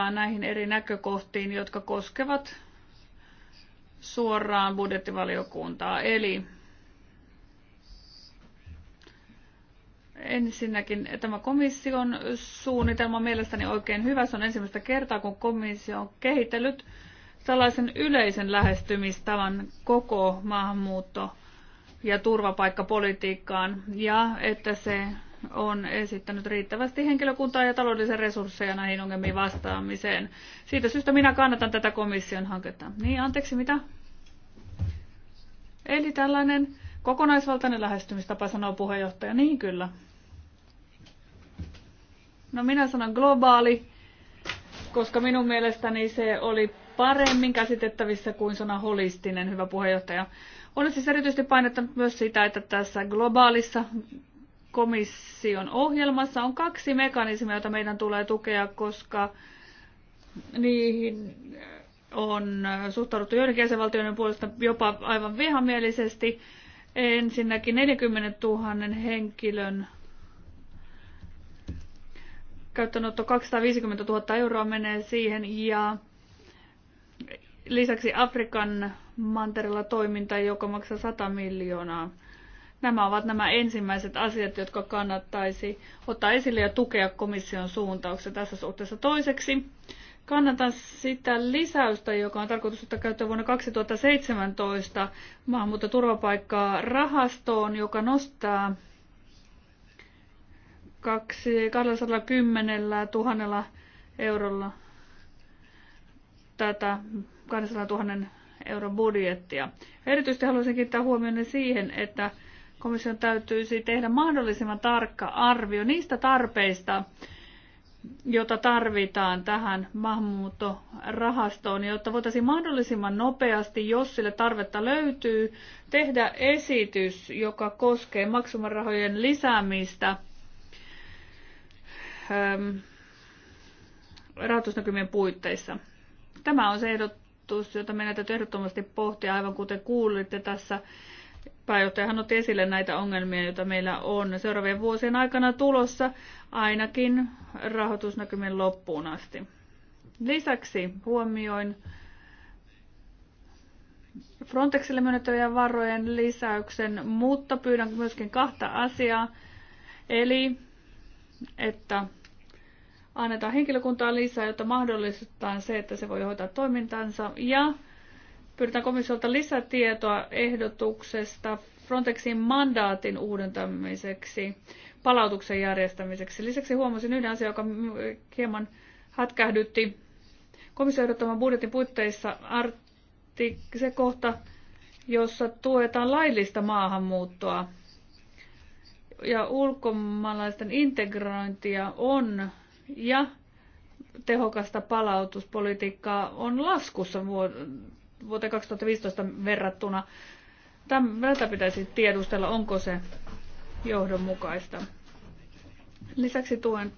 vaan näihin eri näkökohtiin, jotka koskevat suoraan budjettivaliokuntaa. Eli ensinnäkin tämä komission suunnitelma on mielestäni oikein hyvä. Se on ensimmäistä kertaa, kun komissio on kehitellyt tällaisen yleisen lähestymistavan koko maahanmuutto- ja turvapaikkapolitiikkaan ja että se on esittänyt riittävästi henkilökuntaa ja taloudellisia resursseja näihin ongelmiin vastaamiseen. Siitä syystä minä kannatan tätä komission hanketta. Niin, anteeksi, mitä? Eli tällainen kokonaisvaltainen lähestymistapa, sanoo puheenjohtaja. Niin kyllä. No minä sanon globaali, koska minun mielestäni se oli paremmin käsitettävissä kuin sana holistinen, hyvä puheenjohtaja. Olen siis erityisesti painottanut myös sitä, että tässä globaalissa komission ohjelmassa on kaksi mekanismia, joita meidän tulee tukea, koska niihin on suhtauduttu joidenkin jäsenvaltioiden puolesta jopa aivan vihamielisesti. Ensinnäkin 40 000 henkilön käyttöönotto 250 000 euroa menee siihen ja lisäksi Afrikan mantereella toiminta, joka maksaa 100 miljoonaa Nämä ovat nämä ensimmäiset asiat, jotka kannattaisi ottaa esille ja tukea komission suuntauksia tässä suhteessa. Toiseksi kannatan sitä lisäystä, joka on tarkoitus ottaa käyttöön vuonna 2017 maahanmuutta turvapaikkaa rahastoon, joka nostaa 210 000 eurolla tätä 200 000 euron budjettia. Erityisesti haluaisin kiinnittää huomioon siihen, että komission täytyisi tehdä mahdollisimman tarkka arvio niistä tarpeista, jota tarvitaan tähän maahanmuuttorahastoon, jotta voitaisiin mahdollisimman nopeasti, jos sille tarvetta löytyy, tehdä esitys, joka koskee maksumarahojen lisäämistä ähm, rahoitusnäkymien puitteissa. Tämä on se ehdotus, jota meidän täytyy ehdottomasti pohtia, aivan kuten kuulitte tässä Pääjohtajahan otti esille näitä ongelmia, joita meillä on seuraavien vuosien aikana tulossa ainakin rahoitusnäkymien loppuun asti. Lisäksi huomioin Frontexille myönnettäviä varojen lisäyksen, mutta pyydän myöskin kahta asiaa. Eli, että annetaan henkilökuntaa lisää, jotta mahdollistetaan se, että se voi hoitaa toimintansa. Ja Pyydetään komissiolta lisätietoa ehdotuksesta Frontexin mandaatin uudentamiseksi, palautuksen järjestämiseksi. Lisäksi huomasin yhden asian, joka hieman hätkähdytti. Komissio ehdottaman budjetin puitteissa artik- se kohta, jossa tuetaan laillista maahanmuuttoa ja ulkomaalaisten integrointia on ja tehokasta palautuspolitiikkaa on laskussa vuoteen 2015 verrattuna. Tältä pitäisi tiedustella, onko se johdonmukaista. Lisäksi tuen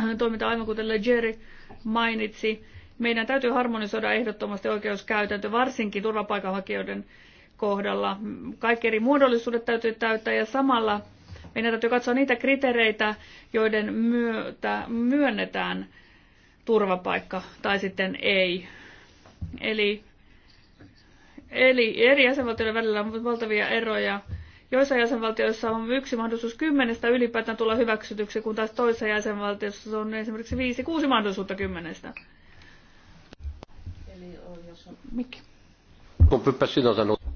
äh, toiminta, aivan kuten Legeri mainitsi, meidän täytyy harmonisoida ehdottomasti oikeuskäytäntö, varsinkin turvapaikanhakijoiden kohdalla. Kaikki eri muodollisuudet täytyy täyttää ja samalla meidän täytyy katsoa niitä kriteereitä, joiden myötä myönnetään turvapaikka tai sitten ei. Eli Eli eri jäsenvaltioiden välillä on valtavia eroja. Joissa jäsenvaltioissa on yksi mahdollisuus kymmenestä ylipäätään tulla hyväksytyksi, kun taas toisessa jäsenvaltiossa se on esimerkiksi viisi, kuusi mahdollisuutta kymmenestä. Eli jos on... Mikki.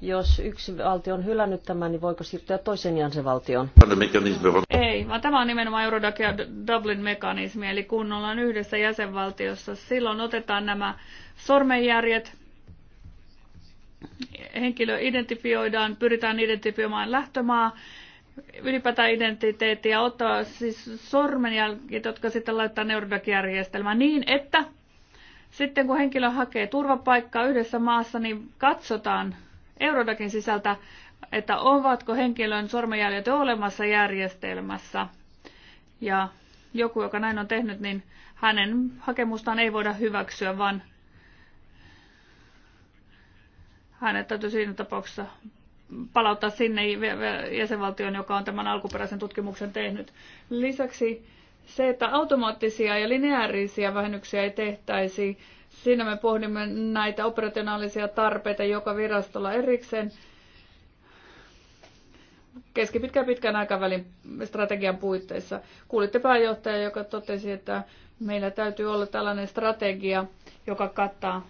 Jos yksi valtio on hylännyt tämän, niin voiko siirtyä toisen jäsenvaltioon? Ei, vaan tämä on nimenomaan Eurodac ja Dublin-mekanismi, eli kun ollaan yhdessä jäsenvaltiossa, silloin otetaan nämä sormenjärjet henkilö identifioidaan, pyritään identifioimaan lähtömaa, ylipäätään identiteettiä ja ottaa siis sormenjäljet, jotka sitten laittaa Neurodac-järjestelmään niin, että sitten kun henkilö hakee turvapaikkaa yhdessä maassa, niin katsotaan Eurodakin sisältä, että ovatko henkilön sormenjäljet olemassa järjestelmässä. Ja joku, joka näin on tehnyt, niin hänen hakemustaan ei voida hyväksyä, vaan hänet täytyy siinä tapauksessa palauttaa sinne jäsenvaltioon, joka on tämän alkuperäisen tutkimuksen tehnyt. Lisäksi se, että automaattisia ja lineaarisia vähennyksiä ei tehtäisi, siinä me pohdimme näitä operationaalisia tarpeita joka virastolla erikseen keskipitkän ja pitkän aikavälin strategian puitteissa. Kuulitte pääjohtaja, joka totesi, että meillä täytyy olla tällainen strategia, joka kattaa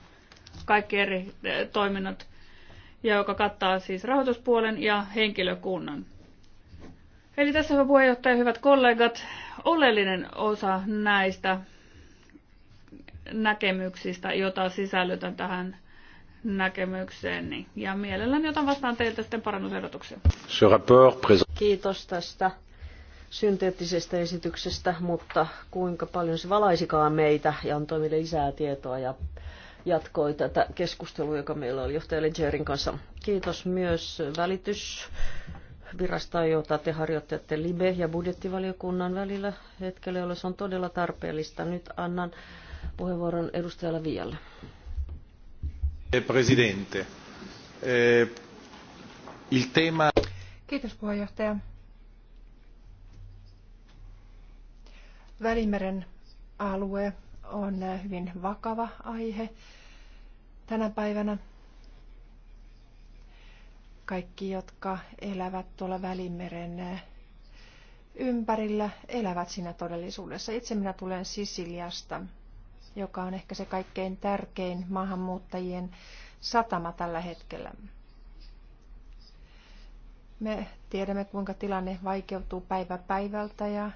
kaikki eri eh, toiminnot ja joka kattaa siis rahoituspuolen ja henkilökunnan. Eli tässä hyvä puheenjohtaja, hyvät kollegat, oleellinen osa näistä näkemyksistä, jota sisällytän tähän näkemykseen, Ja mielelläni otan vastaan teiltä sitten parannusehdotuksia. Kiitos tästä synteettisestä esityksestä, mutta kuinka paljon se valaisikaan meitä ja antoi meille lisää tietoa ja jatkoi tätä keskustelua, joka meillä oli johtaja Legerin kanssa. Kiitos myös välitys jota te harjoitatte LIBE- ja budjettivaliokunnan välillä hetkellä, jolloin se on todella tarpeellista. Nyt annan puheenvuoron edustajalle Vialle. Eh, presidente. Eh, il tema... Kiitos puheenjohtaja. Välimeren alue on äh, hyvin vakava aihe tänä päivänä. Kaikki, jotka elävät tuolla Välimeren äh, ympärillä, elävät siinä todellisuudessa. Itse minä tulen Sisiliasta, joka on ehkä se kaikkein tärkein maahanmuuttajien satama tällä hetkellä. Me tiedämme, kuinka tilanne vaikeutuu päivä päivältä ja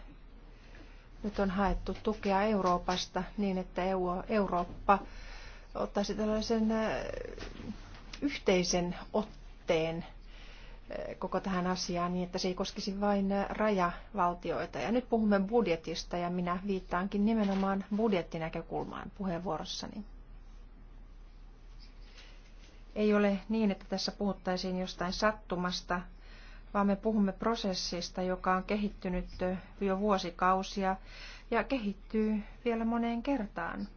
nyt on haettu tukea Euroopasta niin, että Eurooppa ottaisi tällaisen äh, yhteisen otteen äh, koko tähän asiaan niin, että se ei koskisi vain äh, rajavaltioita. Ja nyt puhumme budjetista ja minä viittaankin nimenomaan budjettinäkökulmaan puheenvuorossani. Ei ole niin, että tässä puhuttaisiin jostain sattumasta vaan me puhumme prosessista, joka on kehittynyt jo vuosikausia ja kehittyy vielä moneen kertaan.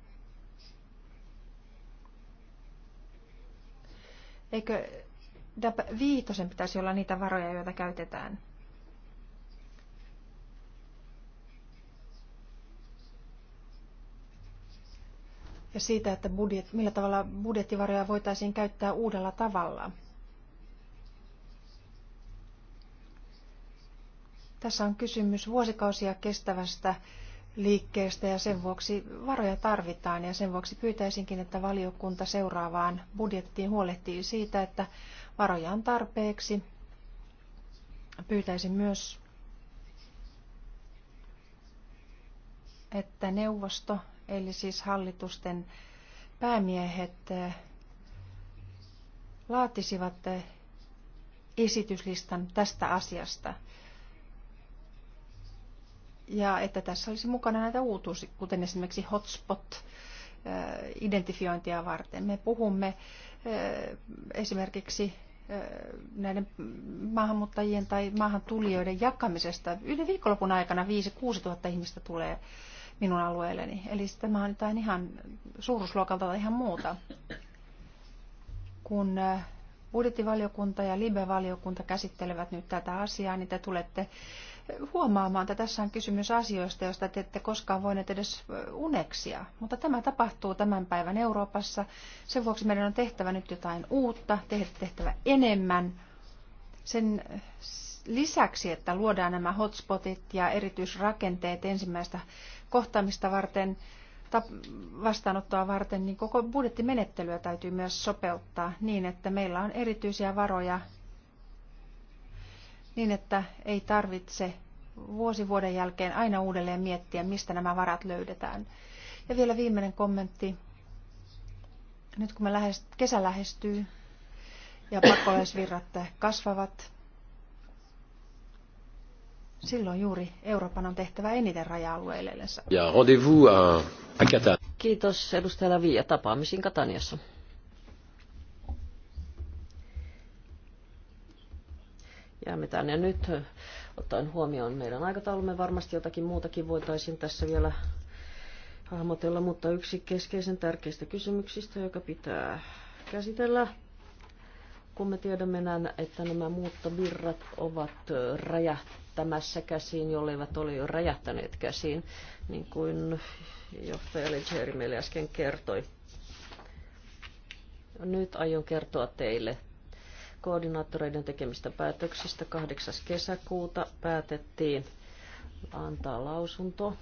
Eikö DAP viitosen pitäisi olla niitä varoja, joita käytetään? Ja siitä, että budjet, millä tavalla budjettivaroja voitaisiin käyttää uudella tavalla – Tässä on kysymys vuosikausia kestävästä liikkeestä ja sen vuoksi varoja tarvitaan ja sen vuoksi pyytäisinkin, että valiokunta seuraavaan budjettiin huolehtii siitä, että varoja on tarpeeksi. Pyytäisin myös, että neuvosto, eli siis hallitusten päämiehet, laatisivat esityslistan tästä asiasta – ja että tässä olisi mukana näitä uutuus, kuten esimerkiksi hotspot identifiointia varten. Me puhumme esimerkiksi näiden maahanmuuttajien tai maahantulijoiden jakamisesta. Yli viikonlopun aikana 5-6 tuhatta ihmistä tulee minun alueelleni. Eli tämä on jotain ihan suuruusluokalta ihan muuta. Kun budjettivaliokunta ja libevaliokunta valiokunta käsittelevät nyt tätä asiaa, niin te tulette huomaamaan, että tässä on kysymys asioista, joista te ette koskaan voineet edes uneksia. Mutta tämä tapahtuu tämän päivän Euroopassa. Sen vuoksi meidän on tehtävä nyt jotain uutta, tehtävä enemmän. Sen lisäksi, että luodaan nämä hotspotit ja erityisrakenteet ensimmäistä kohtaamista varten, vastaanottoa varten, niin koko budjettimenettelyä täytyy myös sopeuttaa niin, että meillä on erityisiä varoja niin, että ei tarvitse vuosi vuoden jälkeen aina uudelleen miettiä, mistä nämä varat löydetään. Ja vielä viimeinen kommentti. Nyt kun me lähest, kesä lähestyy ja pakolaisvirrat kasvavat, silloin juuri Euroopan on tehtävä eniten raja-alueillensa. Ja rendezvous à, Kiitos edustajalla Viia tapaamisiin Kataniassa. jäämme tänne. Ja nyt ottaen huomioon meidän aikataulumme varmasti jotakin muutakin voitaisiin tässä vielä hahmotella, mutta yksi keskeisen tärkeistä kysymyksistä, joka pitää käsitellä, kun me tiedämme näin, että nämä muuttovirrat ovat räjähtämässä käsiin, jolleivät ole jo räjähtäneet käsiin, niin kuin johtaja Legeri meille äsken kertoi. Nyt aion kertoa teille koordinaattoreiden tekemistä päätöksistä 8. kesäkuuta päätettiin antaa lausunto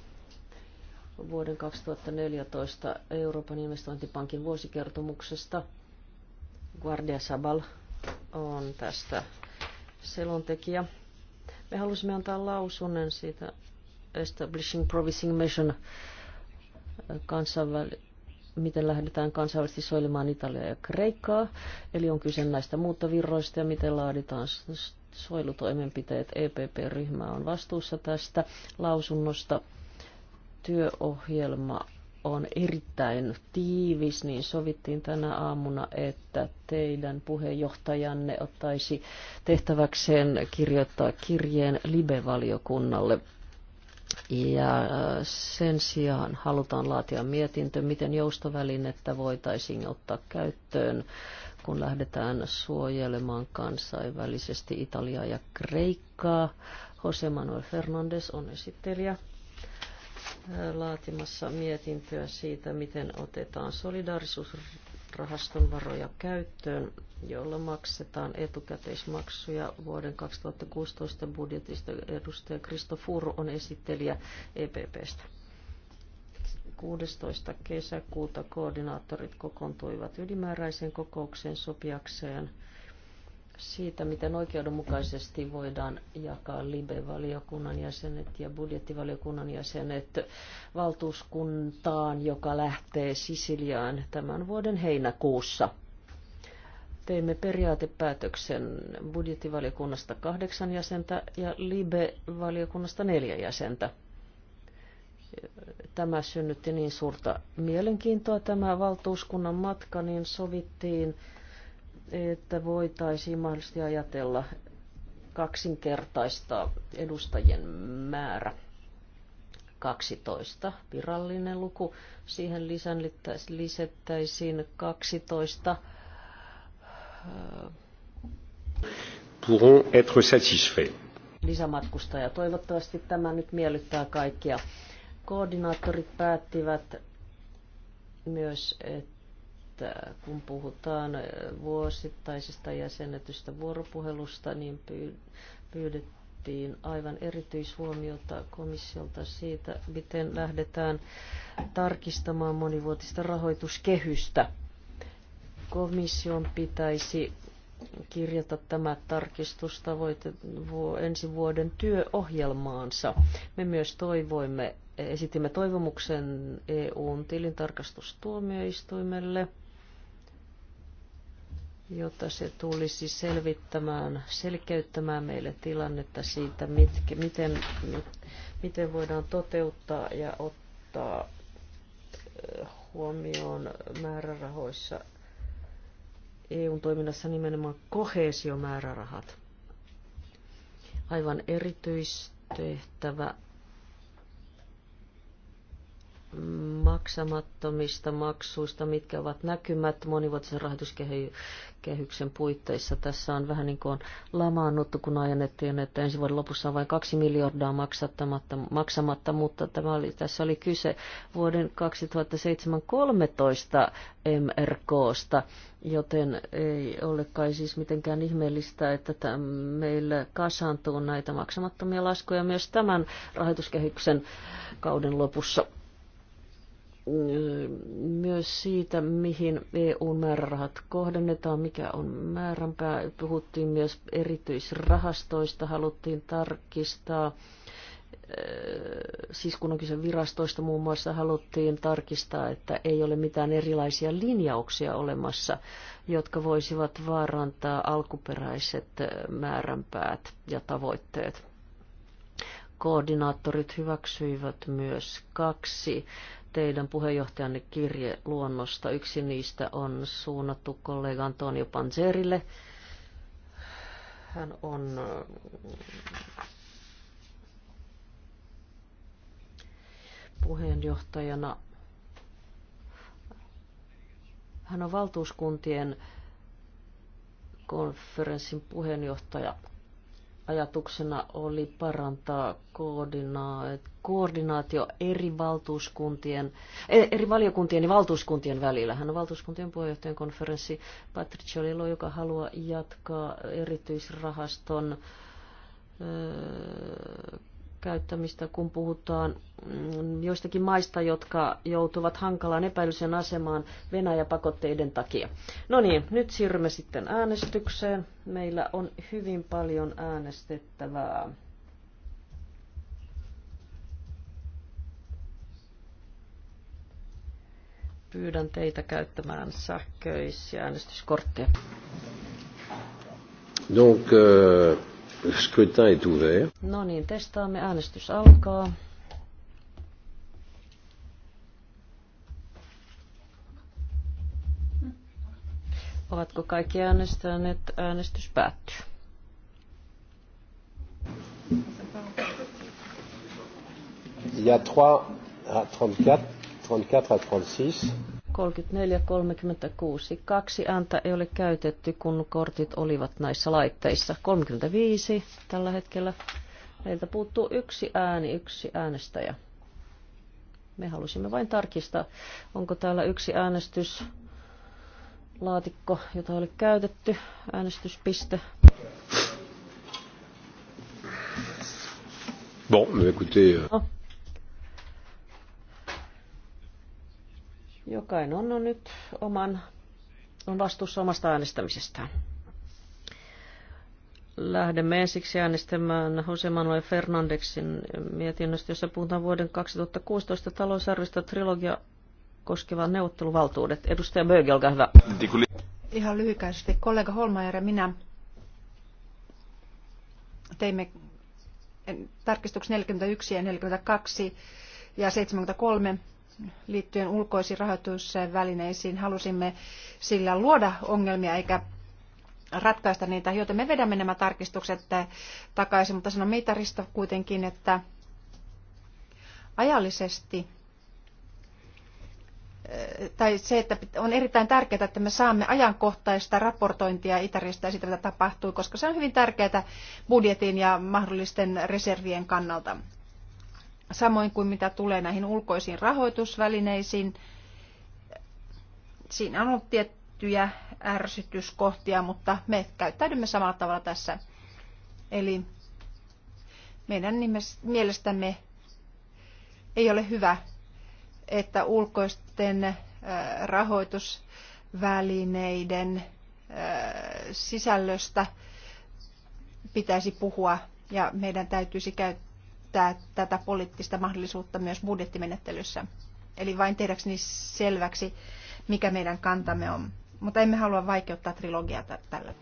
vuoden 2014 Euroopan investointipankin vuosikertomuksesta. Guardia Sabal on tästä selontekijä. Me halusimme antaa lausunnon siitä Establishing Provising Mission kansainvälinen miten lähdetään kansainvälisesti soilemaan Italiaa ja Kreikkaa, eli on kyse näistä muuttovirroista ja miten laaditaan soilutoimenpiteet? EPP-ryhmä on vastuussa tästä lausunnosta. Työohjelma on erittäin tiivis, niin sovittiin tänä aamuna, että teidän puheenjohtajanne ottaisi tehtäväkseen kirjoittaa kirjeen Libe-valiokunnalle ja äh, sen sijaan halutaan laatia mietintö, miten joustovälinettä voitaisiin ottaa käyttöön, kun lähdetään suojelemaan kansainvälisesti Italiaa ja Kreikkaa. Jose Manuel Fernandes on esittelijä äh, laatimassa mietintöä siitä, miten otetaan solidaarisuusrahaston varoja käyttöön jolla maksetaan etukäteismaksuja vuoden 2016 budjetista. Edustaja Kristo Furu on esittelijä EPPstä. 16. kesäkuuta koordinaattorit kokoontuivat ylimääräiseen kokoukseen sopiakseen siitä, miten oikeudenmukaisesti voidaan jakaa LIBE-valiokunnan jäsenet ja budjettivaliokunnan jäsenet valtuuskuntaan, joka lähtee Sisiliaan tämän vuoden heinäkuussa – teimme periaatepäätöksen budjettivaliokunnasta kahdeksan jäsentä ja LIBE-valiokunnasta neljä jäsentä. Tämä synnytti niin suurta mielenkiintoa tämä valtuuskunnan matka, niin sovittiin, että voitaisiin mahdollisesti ajatella kaksinkertaista edustajien määrä. 12 virallinen luku. Siihen lisättäisiin 12 pourront être satisfaits. Lisämatkustaja. Toivottavasti tämä nyt miellyttää kaikkia. Koordinaattorit päättivät myös, että kun puhutaan vuosittaisesta jäsennetystä vuoropuhelusta, niin pyydettiin aivan erityishuomiota komissiolta siitä, miten lähdetään tarkistamaan monivuotista rahoituskehystä – komission pitäisi kirjata tämä tarkistustavoite ensi vuoden työohjelmaansa. Me myös toivoimme, esitimme toivomuksen EUn tilintarkastustuomioistuimelle, jotta se tulisi selvittämään, selkeyttämään meille tilannetta siitä, mitkä, miten, miten voidaan toteuttaa ja ottaa huomioon määrärahoissa eu toiminnassa nimenomaan kohesiomäärärahat. Aivan erityistehtävä maksamattomista maksuista, mitkä ovat näkymät monivuotisen rahoituskehyksen puitteissa. Tässä on vähän niin kuin lamaannuttu, kun ajanettiin, että ensi vuoden lopussa on vain kaksi miljardia maksamatta, maksamatta mutta tämä oli, tässä oli kyse vuoden 2007-2013 MRKsta, joten ei ole kai siis mitenkään ihmeellistä, että meillä kasaantuu näitä maksamattomia laskuja myös tämän rahoituskehyksen kauden lopussa myös siitä, mihin eu määrärahat kohdennetaan, mikä on määränpää. Puhuttiin myös erityisrahastoista, haluttiin tarkistaa. Siis kun on kyse virastoista muun muassa, haluttiin tarkistaa, että ei ole mitään erilaisia linjauksia olemassa, jotka voisivat vaarantaa alkuperäiset määränpäät ja tavoitteet koordinaattorit hyväksyivät myös kaksi teidän puheenjohtajanne luonnosta Yksi niistä on suunnattu kollega Antonio Panzerille. Hän on äh, puheenjohtajana. Hän on valtuuskuntien konferenssin puheenjohtaja ajatuksena oli parantaa koordinaatio eri, valtuuskuntien, e, eri valiokuntien ja valtuuskuntien välillä. Hän on valtuuskuntien puheenjohtajan konferenssi Patriciolillo, joka haluaa jatkaa erityisrahaston käyttämistä, kun puhutaan mm, joistakin maista, jotka joutuvat hankalaan epäilyisen asemaan Venäjä-pakotteiden takia. No niin, nyt siirrymme sitten äänestykseen. Meillä on hyvin paljon äänestettävää. Pyydän teitä käyttämään sähköisiä äänestyskortteja. Donc, euh... Scrutin est ouvert. No niin, testaamme. Äänestys alkaa. Ovatko kaikki äänestäneet? Äänestys päättyy. Il y a 3 à 34, 34 à 36. 34-36. Kaksi ääntä ei ole käytetty, kun kortit olivat näissä laitteissa. 35 tällä hetkellä. Meiltä puuttuu yksi ääni, yksi äänestäjä. Me halusimme vain tarkistaa, onko täällä yksi äänestys laatikko, jota oli käytetty, äänestyspiste. Bon, écoutez. Euh, no, Jokainen on, on nyt oman, on vastuussa omasta äänestämisestään. Lähdemme ensiksi äänestämään Jose Manuel Fernandeksin mietinnöstä, jossa puhutaan vuoden 2016 talousarvista trilogia koskevan neuvotteluvaltuudet. Edustaja Böge, olkaa hyvä. Ihan lyhykäisesti. Kollega Holmajer ja minä teimme tarkistuksen 41 ja 42 ja 73 liittyen ulkoisiin rahoitukseen välineisiin halusimme sillä luoda ongelmia eikä ratkaista niitä, joten me vedämme nämä tarkistukset takaisin, mutta sanon mitarista kuitenkin, että ajallisesti eh, tai se, että on erittäin tärkeää, että me saamme ajankohtaista raportointia Itäristä ja sitä, mitä tapahtuu, koska se on hyvin tärkeää budjetin ja mahdollisten reservien kannalta samoin kuin mitä tulee näihin ulkoisiin rahoitusvälineisiin. Siinä on ollut tiettyjä ärsytyskohtia, mutta me käyttäydymme samalla tavalla tässä. Eli meidän mielestämme ei ole hyvä, että ulkoisten äh, rahoitusvälineiden äh, sisällöstä pitäisi puhua ja meidän täytyisi käyttää käyttää tätä poliittista mahdollisuutta myös budjettimenettelyssä. Eli vain tehdäkseni selväksi, mikä meidän kantamme on. Mutta emme halua vaikeuttaa trilogiaa tällä.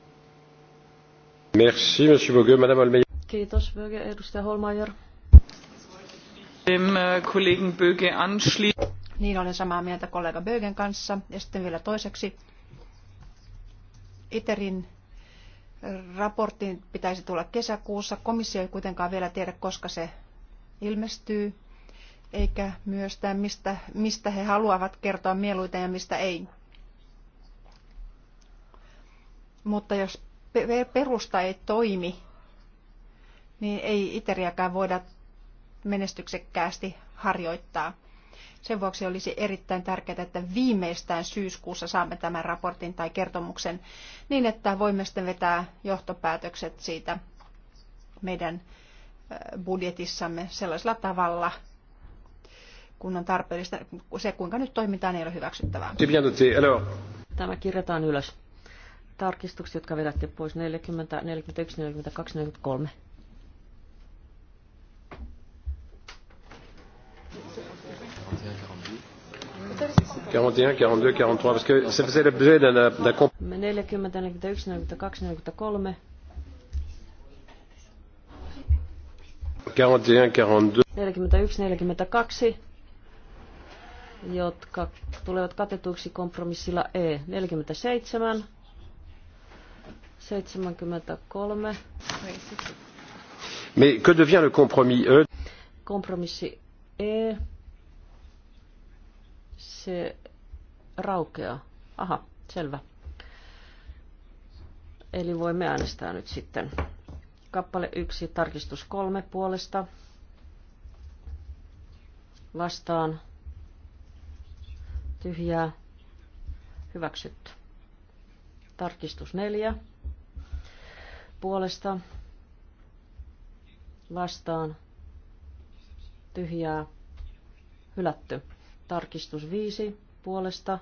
Merci, monsieur Bogue, Madame Olmeyer. Kiitos, Böge. Edustaja Holmeier. Dem äh, Kollegen Böge anschließen. Niin, olen samaa mieltä kollega Bögen kanssa. Ja sitten vielä toiseksi. ITERin Raportin pitäisi tulla kesäkuussa. Komissio ei kuitenkaan vielä tiedä, koska se ilmestyy, eikä myöskään mistä, mistä he haluavat kertoa mieluiten ja mistä ei. Mutta jos perusta ei toimi, niin ei iteriäkään voida menestyksekkäästi harjoittaa. Sen vuoksi olisi erittäin tärkeää, että viimeistään syyskuussa saamme tämän raportin tai kertomuksen niin, että voimme sitten vetää johtopäätökset siitä meidän budjetissamme sellaisella tavalla, kun on tarpeellista. Se, kuinka nyt toimitaan, ei ole hyväksyttävää. Tämä kirjataan ylös. Tarkistukset, jotka vedätte pois 40, 41, 42, 43. 41, 42, 43, koska se faisait l'objet d'un... 40, 41, 42, 43. 41, 42. 42 jotka tulevat katetuiksi kompromissilla E. 47, 73. Mais que devient le compromis E? Kompromissi E se raukeaa. Aha, selvä. Eli voimme äänestää nyt sitten. Kappale 1, tarkistus 3 puolesta. Vastaan. Tyhjää. Hyväksytty. Tarkistus 4 puolesta. Vastaan. Tyhjää. Hylätty. Tarkistus 5 puolesta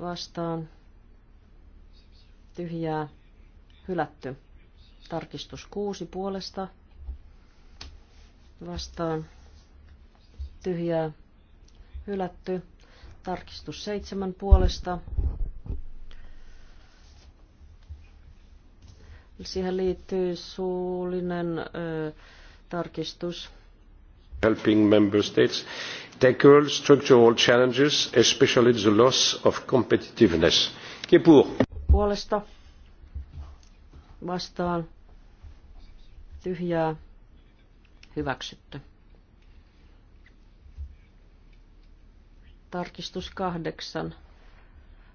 vastaan tyhjää hylätty. Tarkistus 6 puolesta vastaan tyhjää hylätty. Tarkistus 7 puolesta Siihen liittyy suullinen ö, tarkistus. Helping member states tackle structural challenges, especially the loss of competitiveness. Qui est pour? Puolesta. Vastaan. Tyhjää. Hyväksytty. Tarkistus kahdeksan.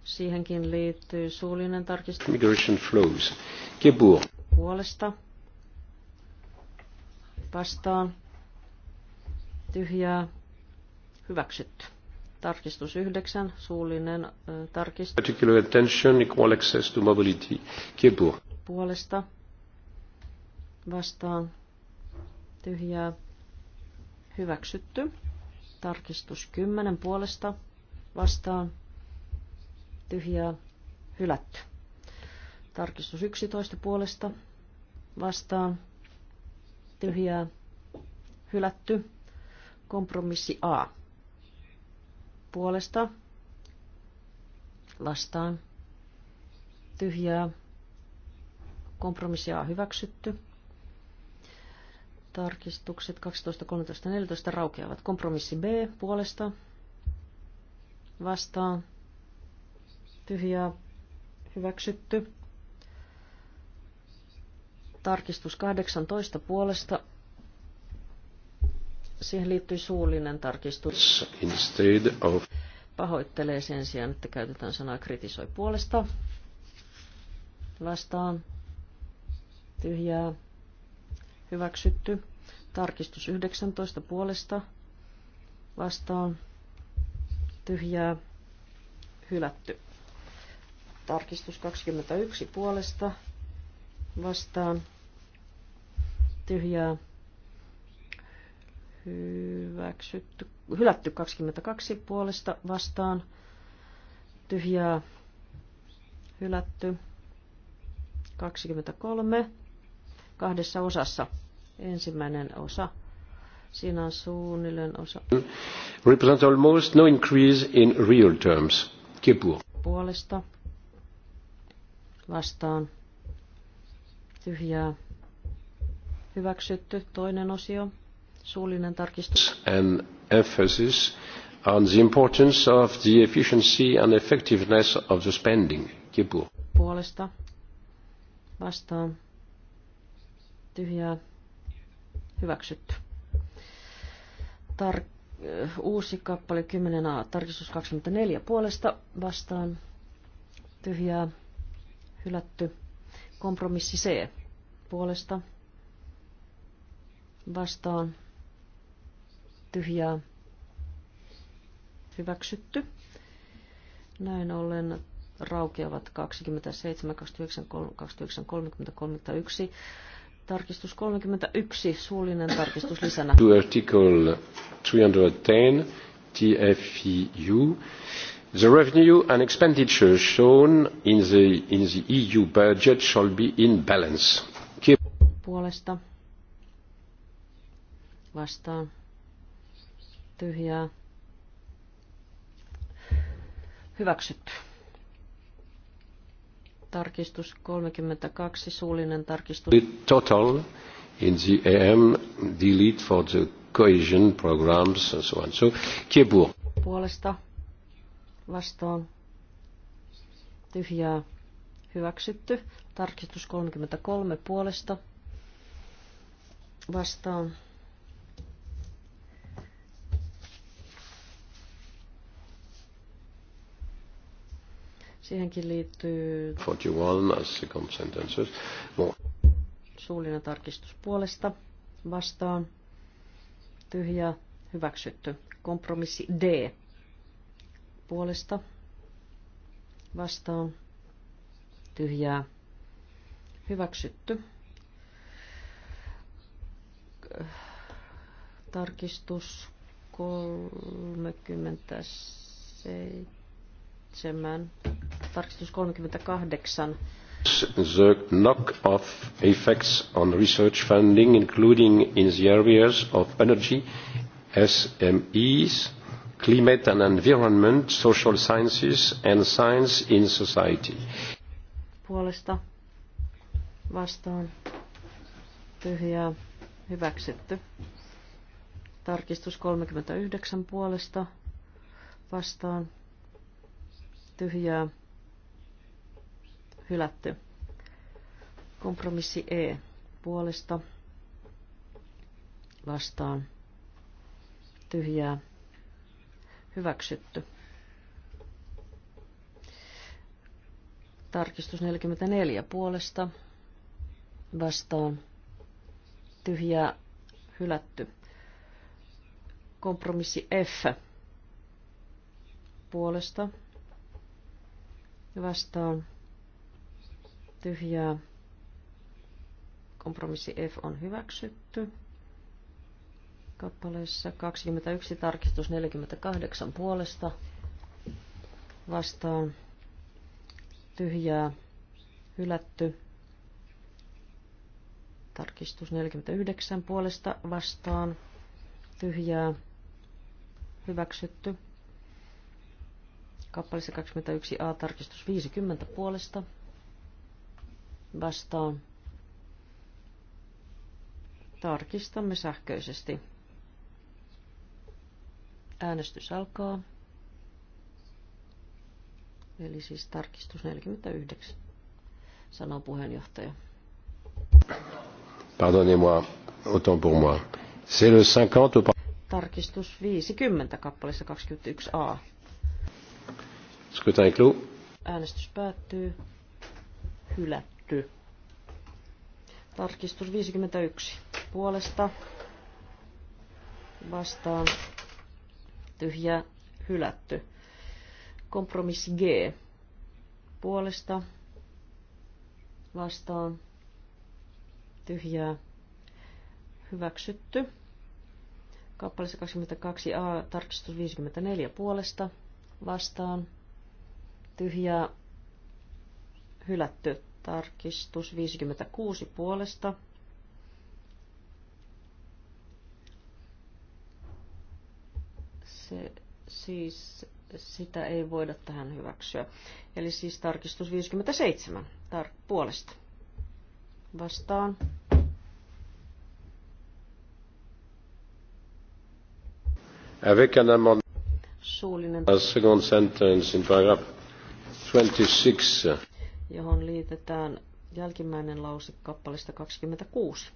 Siihenkin liittyy suullinen tarkistus. Migration flows. Qui est Puolesta. Vastaan. Tyhjää Hyväksytty. Tarkistus 9, suullinen äh, tarkistus. Particular attention, equal access to mobility. Puolesta. Vastaan. Tyhjää. Hyväksytty. Tarkistus 10 puolesta. Vastaan. Tyhjää. Hylätty. Tarkistus 11 puolesta. Vastaan. Tyhjää. Hylätty. Kompromissi A puolesta lastaan tyhjää kompromissia on hyväksytty. Tarkistukset 12, 13, 14 raukeavat. Kompromissi B puolesta vastaan tyhjää hyväksytty. Tarkistus 18 puolesta Siihen liittyy suullinen tarkistus. Instead of... Pahoittelee sen sijaan, että käytetään sanaa kritisoi puolesta. Vastaan. Tyhjää. Hyväksytty. Tarkistus 19 puolesta. Vastaan. Tyhjää. Hylätty. Tarkistus 21 puolesta. Vastaan. Tyhjää hyväksytty, hylätty 22 puolesta vastaan, tyhjää hylätty 23 kahdessa osassa. Ensimmäinen osa. Siinä on suunnilleen osa. Represent almost no increase in real terms. Kipu. Puolesta. Vastaan. Tyhjää. Hyväksytty. Toinen osio Suullinen tarkistus. An emphasis on the importance of the efficiency and effectiveness of the spending. Kipu. Puolesta. Vastaan. Tyhjää. Hyväksytty. Tar- uusi kappale 10a, tarkistus 24 puolesta vastaan, tyhjää, hylätty, kompromissi C puolesta vastaan, tyhjää hyväksytty. Näin ollen raukeavat 27, 29, 29, 30, 31. Tarkistus 31, suullinen tarkistus lisänä. To article 310 TFEU. The revenue and expenditure shown in the, in the EU budget shall be in balance. Puolesta. Vastaan tyhjää hyväksytty. Tarkistus 32, suullinen tarkistus. Total in the AM delete for the cohesion programs and so on. So, kiebu. Puolesta vastaan tyhjää hyväksytty. Tarkistus 33 puolesta vastaan Siihenkin liittyy 41 as second sentences. Suullinen tarkistus puolesta vastaan. Tyhjä hyväksytty. Kompromissi D puolesta vastaan. Tyhjää hyväksytty. Tarkistus 37 Tarkistus 38. The knock-off effects on research funding, including in the areas of energy, SMEs, climate and environment, social sciences and science in society. Puolesta vastaan tyhjää hyväksytty. Tarkistus 39 puolesta vastaan tyhjää hylätty. Kompromissi E puolesta vastaan tyhjää hyväksytty. Tarkistus 44 puolesta vastaan tyhjää hylätty. Kompromissi F puolesta vastaan tyhjää. Kompromissi F on hyväksytty. Kappaleessa 21 tarkistus 48 puolesta vastaan tyhjää hylätty. Tarkistus 49 puolesta vastaan tyhjää hyväksytty. Kappaleessa 21a tarkistus 50 puolesta vastaan. Tarkistamme sähköisesti. Äänestys alkaa. Eli siis tarkistus 49, sanoo puheenjohtaja. Pardonnez-moi, autant pour moi. C'est le 50 Tarkistus 50 kappaleessa 21a. Scrutin clos. Äänestys päättyy. Hylätty hylätty. Tarkistus 51. Puolesta vastaan tyhjä hylätty. Kompromissi G. Puolesta vastaan tyhjää hyväksytty. Kappaleessa 22a tarkistus 54 puolesta vastaan tyhjää hylätty Tarkistus 56 puolesta. Se, siis sitä ei voida tähän hyväksyä. Eli siis tarkistus 57 tar- puolesta. Vastaan. Avec un amendement. Suullinen. A second sentence in paragraph 26 johon liitetään jälkimmäinen lause kappalista 26.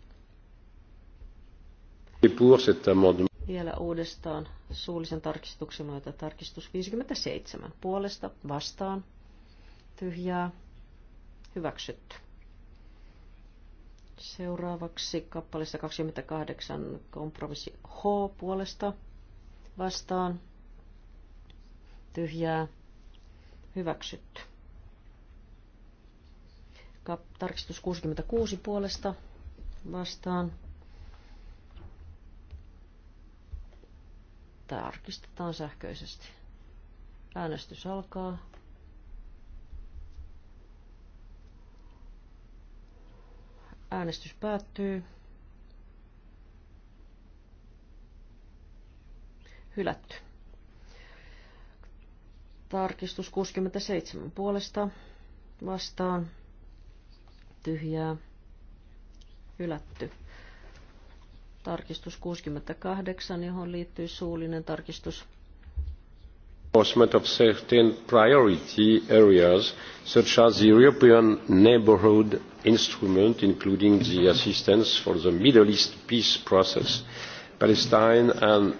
Vielä uudestaan suullisen tarkistuksen myötä tarkistus 57. Puolesta vastaan tyhjää hyväksytty. Seuraavaksi kappalista 28 kompromissi H puolesta vastaan tyhjää hyväksytty. Tarkistus 66 puolesta vastaan. Tarkistetaan sähköisesti. Äänestys alkaa. Äänestys päättyy. Hylätty. Tarkistus 67 puolesta vastaan tyhjää, hylätty. Tarkistus 68, johon liittyy suullinen tarkistus. Enforcement of certain priority areas, such as the European Neighbourhood Instrument, including the assistance for the Middle East peace process, Palestine and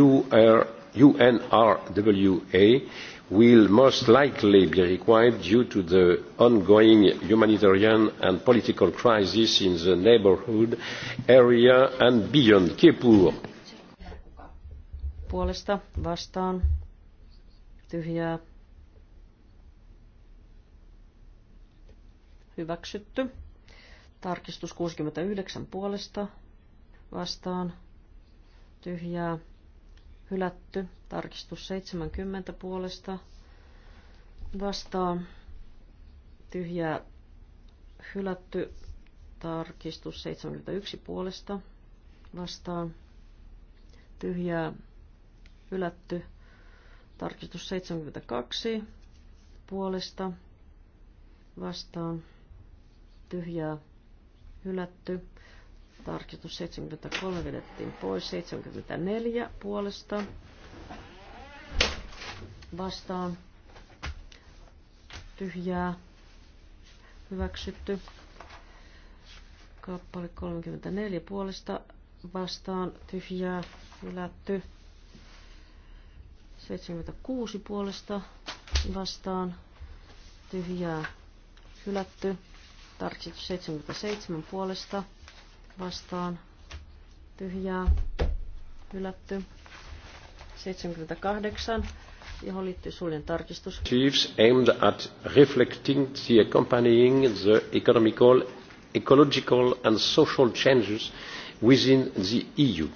UR UNRWA will most likely be required due to the ongoing humanitarian and political crisis in the neighbourhood area and beyond. Kiepur. Puolesta vastaan. Tyhjää. Hyväksytty. Tarkistus 69 puolesta vastaan. Tyhjää. Hylätty. Tarkistus 70 puolesta. Vastaan. Tyhjää. Hylätty. Tarkistus 71 puolesta. Vastaan. Tyhjää. Hylätty. Tarkistus 72 puolesta. Vastaan. Tyhjää. Hylätty Tarkistus 73 vedettiin pois. 74 puolesta vastaan tyhjää hyväksytty. Kappale 34 puolesta vastaan tyhjää hylätty. 76 puolesta vastaan tyhjää hylätty. Tarkistus 77 puolesta vastaan tyhjää hylätty. 78, johon liittyy suljen tarkistus. Chiefs aimed at reflecting the accompanying the economical, ecological and social changes within the EU.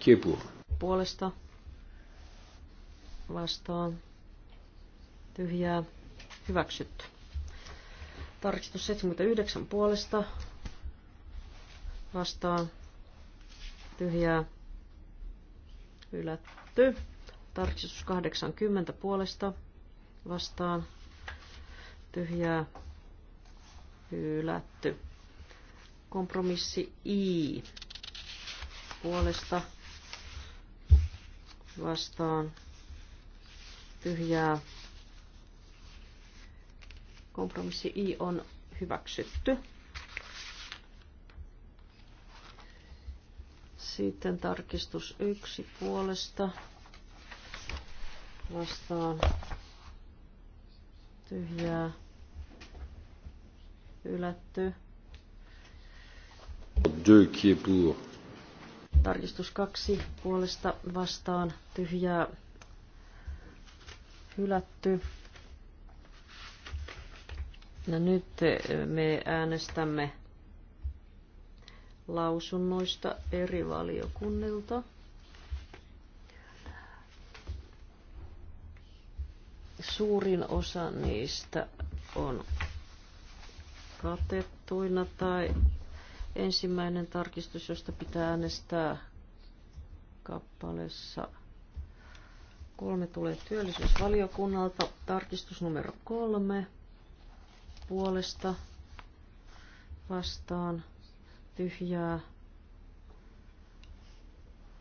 Kiepua. Puolesta vastaan tyhjää hyväksytty. Tarkistus 79 puolesta vastaan tyhjää ylätty Tarkistus 80 puolesta vastaan tyhjää hylätty. Kompromissi I puolesta vastaan tyhjää. Kompromissi I on hyväksytty. Sitten tarkistus yksi puolesta vastaan tyhjää ylätty. Deux qui est pour. Tarkistus kaksi puolesta vastaan tyhjää hylätty. Ja nyt eh, me äänestämme lausunnoista eri valiokunnilta. Suurin osa niistä on katettuina tai ensimmäinen tarkistus, josta pitää äänestää kappaleessa kolme tulee työllisyysvaliokunnalta. Tarkistus numero kolme puolesta vastaan tyhjää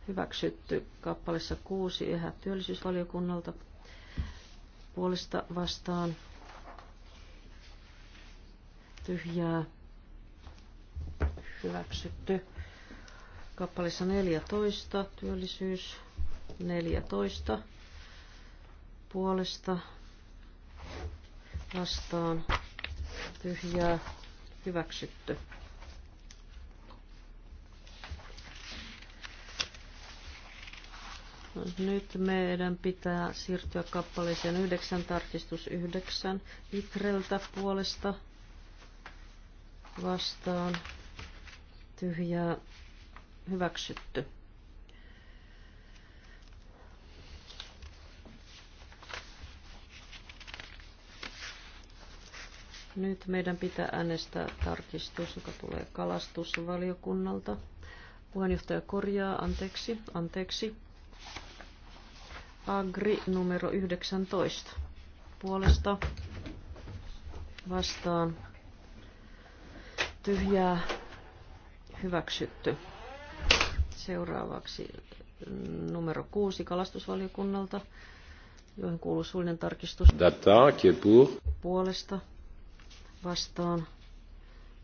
hyväksytty kappalessa kuusi ehä työllisyysvaliokunnalta puolesta vastaan tyhjää hyväksytty kappalissa 14 työllisyys 14 puolesta vastaan tyhjää hyväksytty Nyt meidän pitää siirtyä kappaleeseen 9, tarkistus 9, Itreltä puolesta vastaan tyhjää hyväksytty. Nyt meidän pitää äänestää tarkistus, joka tulee kalastusvaliokunnalta. Puheenjohtaja korjaa, anteeksi, anteeksi. Agri numero 19 puolesta vastaan tyhjää hyväksytty. Seuraavaksi numero 6 kalastusvaliokunnalta, johon kuuluu suullinen tarkistus. Data, Puolesta vastaan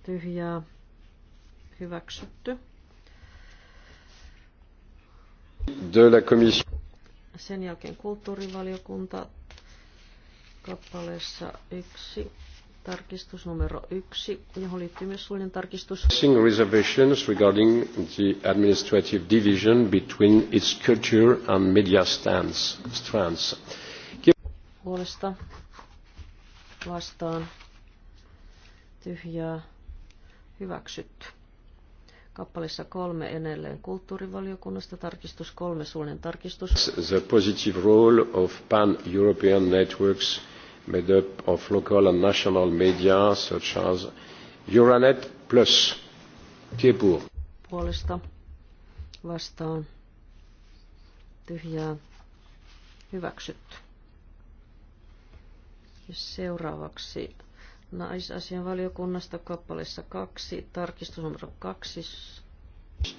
tyhjää hyväksytty. De la commission. Sen jälkeen kulttuurivaliokunta kappaleessa yksi tarkistus numero yksi, johon liittyy myös suullinen tarkistus. reservations regarding the administrative division between its culture and media stands, strands. Puolesta vastaan tyhjää hyväksytty. Kappalissa kolme enelleen kulttuurivaliokunnasta tarkistus kolme suullinen tarkistus. The positive role of pan-European networks made up of local and national media such as Euronet Plus. Qui Puolesta vastaan tyhjää hyväksytty. Ja seuraavaksi naisasian valiokunnasta kappaleessa kaksi, tarkistus numero kaksi.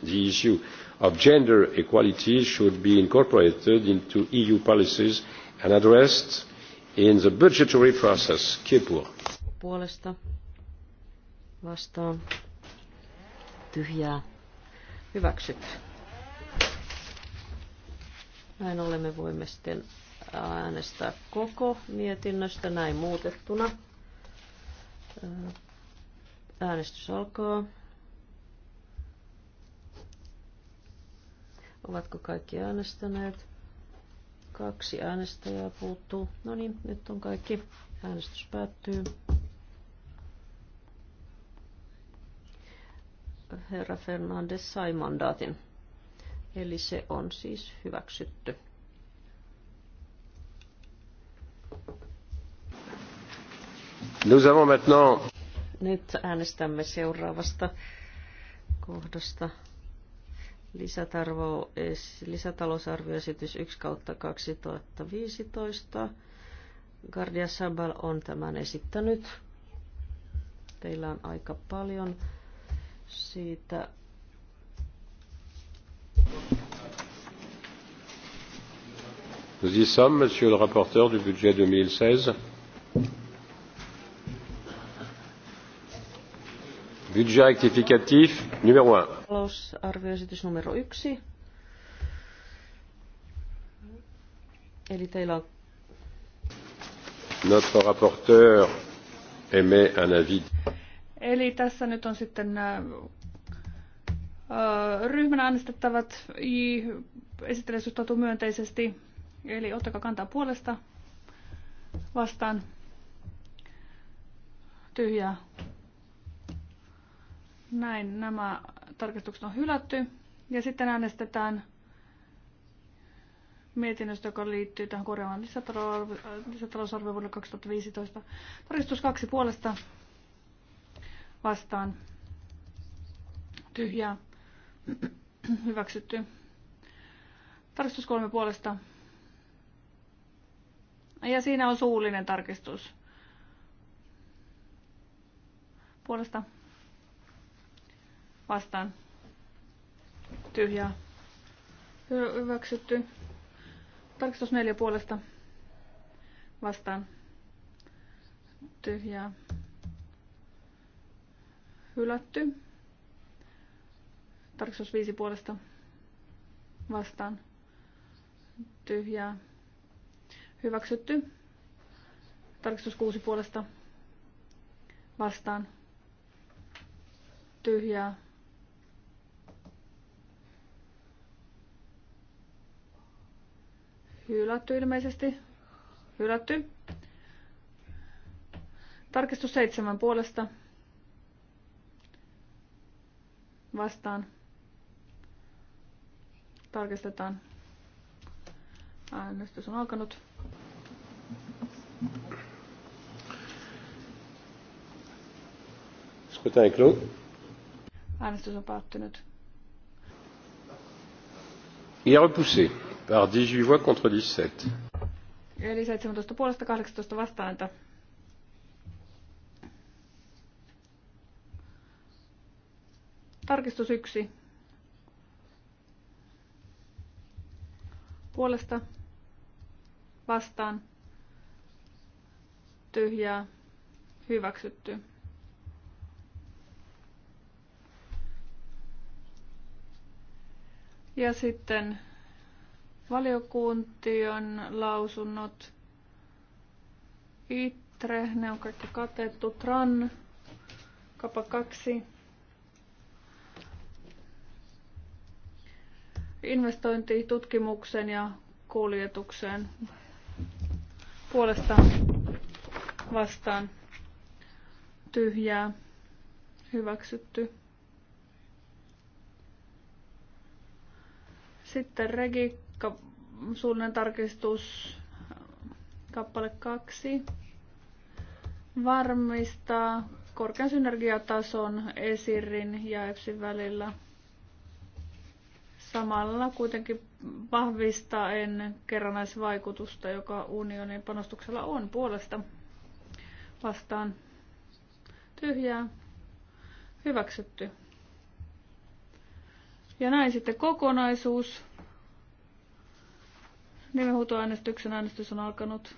The issue of gender equality should be incorporated into EU policies and addressed in the budgetary process. Kipua. Puolesta vastaan tyhjää Hyväksyt. Näin ollen me voimme sitten äänestää koko mietinnöstä näin muutettuna. Äänestys alkaa. Ovatko kaikki äänestäneet? Kaksi äänestäjää puuttuu. No niin, nyt on kaikki. Äänestys päättyy. Herra Fernandes sai mandaatin. Eli se on siis hyväksytty. Nous avons maintenant... Nyt äänestämme seuraavasta kohdasta. Lisätarvo, lisätalousarvioesitys 1 kautta 2015. Gardia Sabal on tämän esittänyt. Teillä on aika paljon siitä. Nous y sommes, monsieur le rapporteur du budget 2016. Budget rectificatif numéro 1. Talousarvioesitys numero yksi. Eli teillä on... Notre rapporteur émet un avis. Eli tässä nyt on sitten nämä äh, äh, ryhmän äänestettävät esittelee suhtautuu myönteisesti. Eli ottakaa kantaa puolesta vastaan. Tyhjää näin nämä tarkistukset on hylätty. Ja sitten äänestetään mietinnöstä, joka liittyy tähän korjaamaan äh, lisätalousarvioon vuodelle 2015. Tarkistus kaksi puolesta vastaan tyhjää hyväksytty. Tarkistus kolme puolesta. Ja siinä on suullinen tarkistus. Puolesta vastaan tyhjää hyväksytty. Tarkistus neljä puolesta vastaan tyhjää hylätty. Tarkistus viisi puolesta vastaan tyhjää hyväksytty. Tarkistus kuusi puolesta vastaan tyhjää Hylätty ilmeisesti. Hylätty. Tarkistus seitsemän puolesta. Vastaan. Tarkistetaan. Äänestys on alkanut. Äänestys on päättynyt. a repoussé. Par 18 voix contre 17. Eli 17 puolesta 18 vastaanta. Tarkistus 1. Puolesta vastaan tyhjää hyväksytty. Ja sitten valiokuntien lausunnot, ITRE, ne on kaikki katettu, TRAN, KAPA 2, investointi tutkimukseen ja kuljetukseen puolesta vastaan tyhjää hyväksytty. Sitten regi ka- suunnan tarkistus kappale kaksi varmistaa korkean synergiatason esirin ja EPSin välillä. Samalla kuitenkin vahvistaen kerranaisvaikutusta, joka unionin panostuksella on puolesta vastaan tyhjää hyväksytty. Ja näin sitten kokonaisuus Nimenhuutoäänestyksen äänestys on alkanut.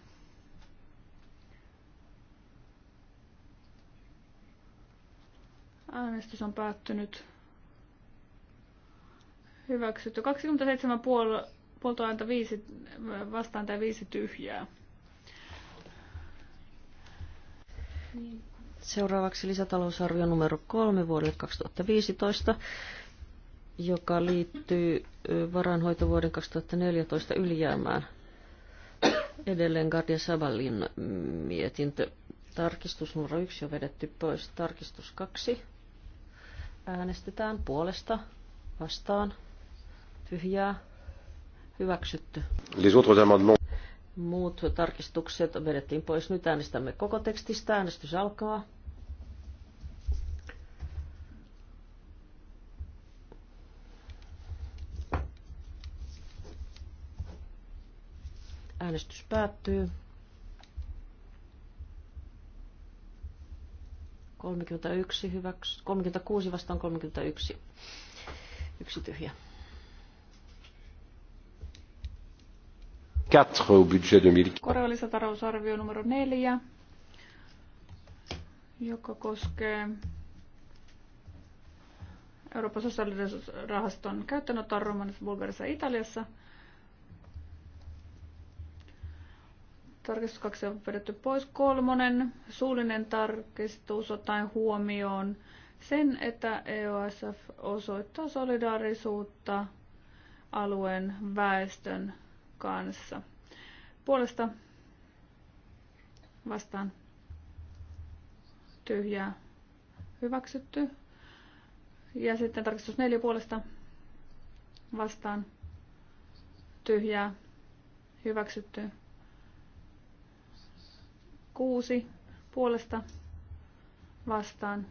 Äänestys on päättynyt. Hyväksytty. 27 puol- puolta ääntä viisi vastaan tai viisi tyhjää. Seuraavaksi lisätalousarvio numero 3 vuodelle 2015 joka liittyy varainhoitovuoden 2014 ylijäämään. Edelleen Gardia Savallin mm, mietintö. Tarkistus numero yksi on vedetty pois. Tarkistus kaksi. Äänestetään puolesta, vastaan, tyhjää, hyväksytty. Muut tarkistukset vedettiin pois. Nyt äänestämme koko tekstistä. Äänestys alkaa. Äänestys päättyy. 31 hyväks, 36 vastaan 31. Yksi tyhjä. 4 budget 2015. Korallisatalousarvio numero 4, joka koskee Euroopan sosiaalirahaston käyttöönottoa Romanissa, Bulgariassa ja Italiassa – Tarkistuskaksi on vedetty pois. Kolmonen suullinen tarkistus ottaen huomioon sen, että EOSF osoittaa solidaarisuutta alueen väestön kanssa. Puolesta vastaan tyhjää hyväksytty. Ja sitten tarkistus neljä puolesta vastaan tyhjää hyväksytty. Kuusi puolesta vastaan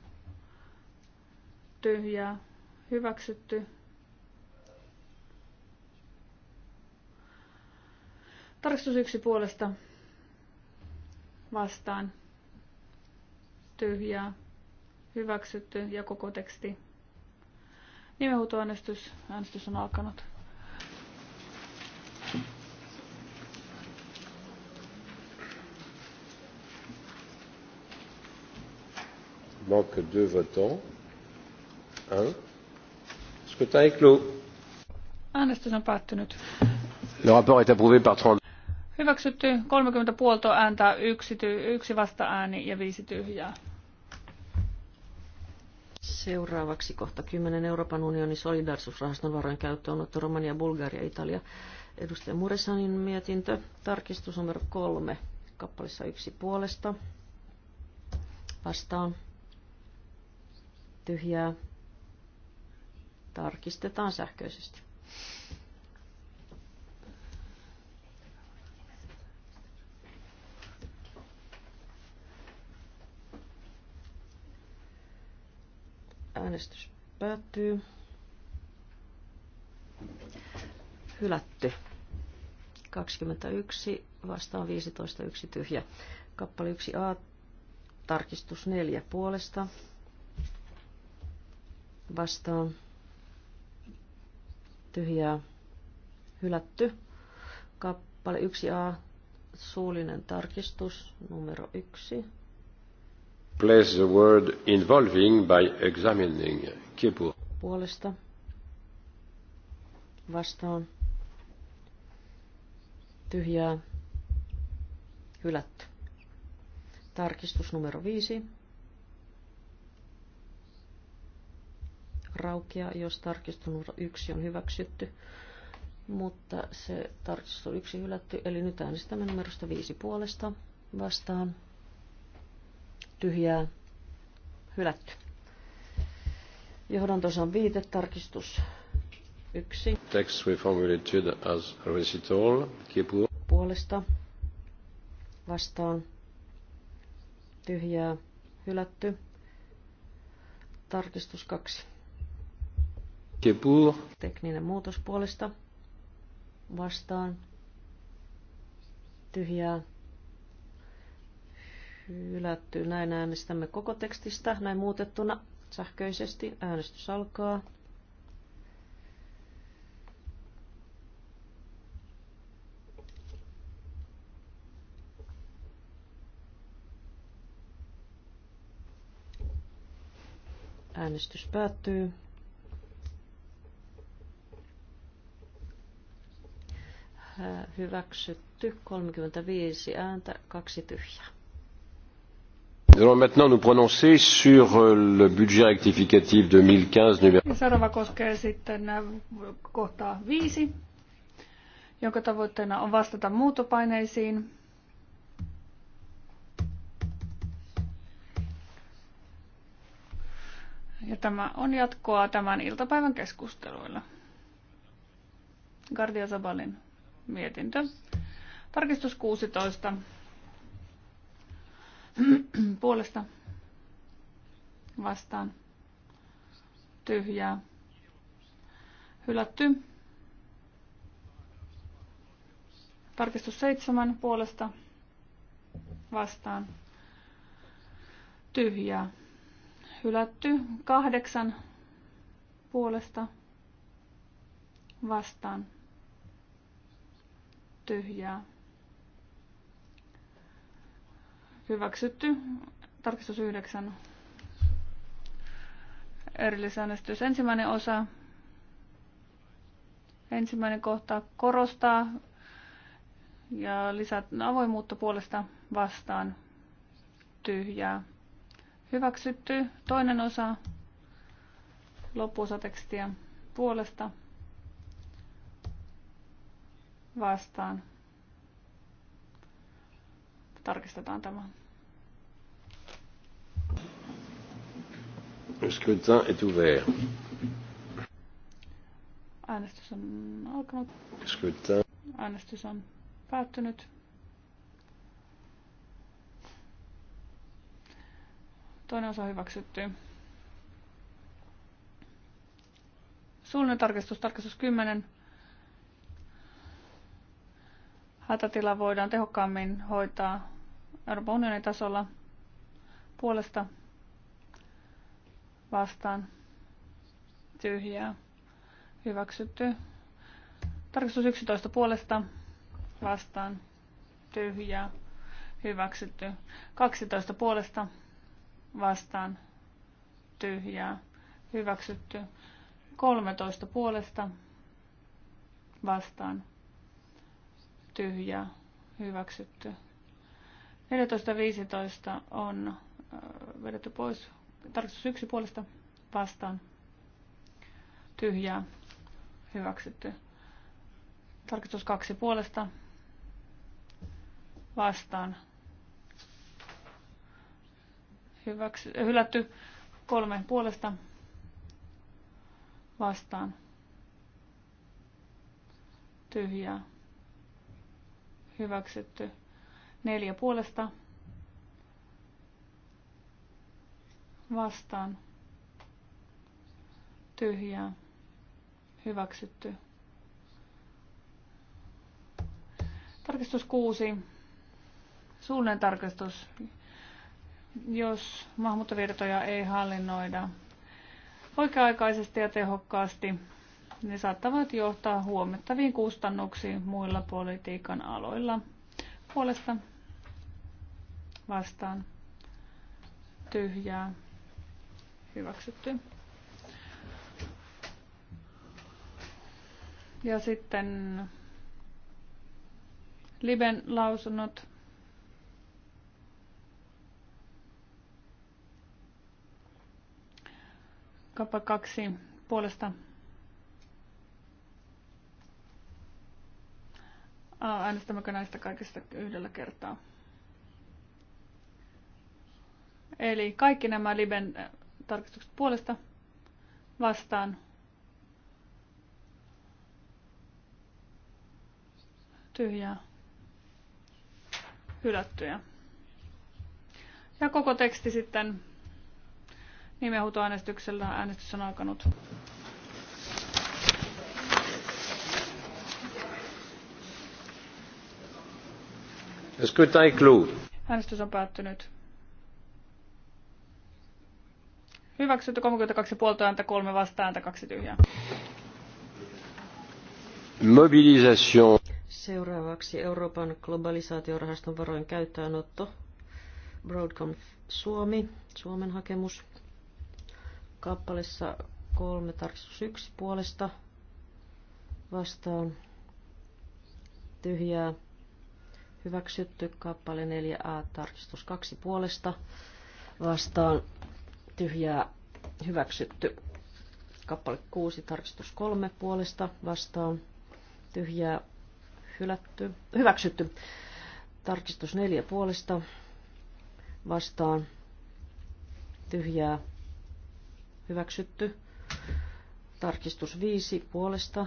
tyhjää hyväksytty. Tarkistus yksi puolesta vastaan tyhjää hyväksytty ja koko teksti. Nimenhuutoäänestys. Äänestys on alkanut. manque deux votants. Un. Scrutin est clos. Äänestys on päättynyt. Le rapport est approuvé par 30. Hyväksytty 30 puolto ääntä, yksi, ty- yksi vastaääni ja viisi tyhjää. Seuraavaksi kohta 10 Euroopan unionin solidarisuusrahaston varojen käyttöönotto Romania, Bulgaria, Italia. Edustaja Muresanin mietintö, tarkistus numero kolme, kappalissa yksi puolesta. Vastaan tyhjää. Tarkistetaan sähköisesti. Äänestys päättyy. Hylätty. 21 vastaan 15, yksi tyhjä. Kappale 1a, tarkistus 4 puolesta vastaan tyhjää hylätty. Kappale 1a, suullinen tarkistus numero 1. Place the word involving by examining. Kipu. Puolesta. Vastaan. Tyhjää. Hylätty. Tarkistus numero 5. raukia, jos tarkistus numero yksi on hyväksytty, mutta se tarkistus on yksi hylätty, eli nyt äänestämme numerosta viisi puolesta vastaan, tyhjää, hylätty. Johdantosan viite, tarkistus yksi. Text reformulated as recital. Puolesta vastaan tyhjää hylätty. Tarkistus kaksi. Tekninen muutos puolesta vastaan. Tyhjää. Hylätty. Näin äänestämme koko tekstistä, näin muutettuna sähköisesti. Äänestys alkaa. Äänestys päättyy. Äh, hyväksytty 35 ääntä, kaksi tyhjää. Nous allons maintenant nous prononcer sur euh, le budget rectificatif 2015 numéro. koskee sitten äh, kohtaa 5, jonka tavoitteena on vastata muutopaineisiin. Ja tämä on jatkoa tämän iltapäivän keskusteluilla. Gardia Zabalin. Mietintö. Tarkistus 16. Puolesta vastaan. Tyhjää. Hylätty. Tarkistus 7 puolesta vastaan. Tyhjää. Hylätty. 8 puolesta vastaan tyhjää. Hyväksytty. Tarkistus 9. Erillisäänestys. Ensimmäinen osa. Ensimmäinen kohta korostaa ja lisää avoimuutta puolesta vastaan. Tyhjää. Hyväksytty. Toinen osa tekstiä puolesta vastaan. Tarkistetaan tämä. scrutin est ouvert. Äänestys on alkanut. Scrutin. Äänestys on päättynyt. Toinen osa hyväksytty. Suullinen tarkistus, tarkistus 10. hätätila voidaan tehokkaammin hoitaa Euroopan unionin tasolla puolesta vastaan tyhjää hyväksytty. Tarkistus 11 puolesta vastaan tyhjää hyväksytty. 12 puolesta vastaan tyhjää hyväksytty. 13 puolesta vastaan tyhjä, hyväksytty. 14.15 on äh, vedetty pois. Tarkistus yksi puolesta vastaan. Tyhjää. Hyväksytty. Tarkistus kaksi puolesta. Vastaan. Hyväksy, äh, hylätty. Kolme puolesta. Vastaan. Tyhjää hyväksytty. Neljä puolesta vastaan tyhjää hyväksytty. Tarkistus kuusi. Suullinen tarkistus. Jos maahanmuuttovirtoja ei hallinnoida oikea-aikaisesti ja tehokkaasti, ne saattavat johtaa huomattaviin kustannuksiin muilla politiikan aloilla. Puolesta vastaan tyhjää hyväksytty. Ja sitten Liben lausunnot. Kappa kaksi puolesta Äänestämmekö näistä kaikista yhdellä kertaa? Eli kaikki nämä Liben äh, tarkistukset puolesta vastaan. Tyhjää. Hylättyjä. Ja koko teksti sitten nimenhuutoäänestyksellä. Äänestys on alkanut. Le scrutin est clos. Äänestys on päättynyt. Hyväksytty 32 puolta ääntä, 3 vastaan ääntä, 2 tyhjää. Mobilisation. Seuraavaksi Euroopan globalisaatiorahaston varojen käyttöönotto. Broadcom Suomi, Suomen hakemus. Kappalessa 3 tarkistus yksi puolesta vastaan tyhjää Hyväksytty kappale 4a, tarkistus 2 puolesta. Vastaan tyhjää hyväksytty. Kappale 6, tarkistus 3 puolesta. Vastaan tyhjää hylätty, hyväksytty. Tarkistus 4 puolesta. Vastaan tyhjää hyväksytty. Tarkistus 5 puolesta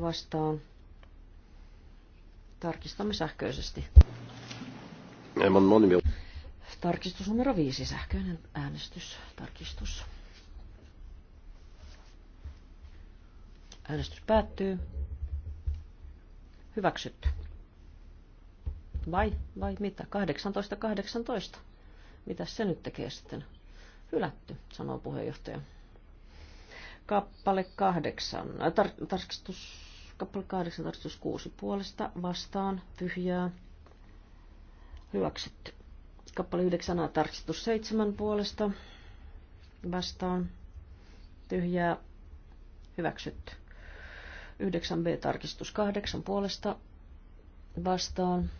vastaan Tarkistamme sähköisesti. Tarkistus numero viisi, sähköinen äänestys, tarkistus. Äänestys päättyy. Hyväksytty. Vai, vai mitä? 18, 18. Mitäs se nyt tekee sitten? Hylätty, sanoo puheenjohtaja. Kappale kahdeksan. Tar- tarkistus kappale 8, puolesta, vastaan, tyhjää, hyväksytty. Kappale 9, tarkistus 7 puolesta, vastaan, tyhjää, hyväksytty. 9b, tarkistus 8 puolesta, vastaan,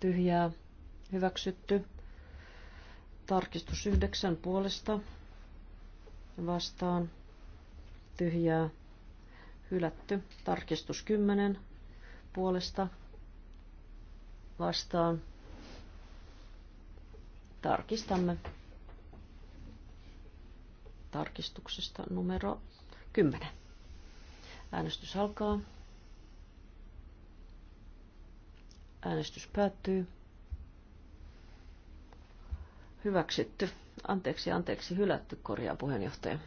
tyhjää, hyväksytty. Tarkistus 9 puolesta, vastaan, tyhjää, hylätty. Tarkistus 10 puolesta vastaan. Tarkistamme tarkistuksesta numero 10. Äänestys alkaa. Äänestys päättyy. Hyväksytty. Anteeksi, anteeksi, hylätty korjaa puheenjohtaja.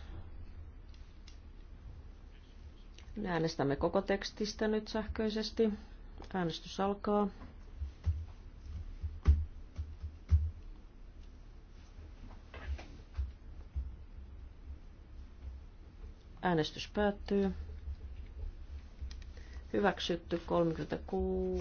Me äänestämme koko tekstistä nyt sähköisesti. Äänestys alkaa. Äänestys päättyy. Hyväksytty 31.5.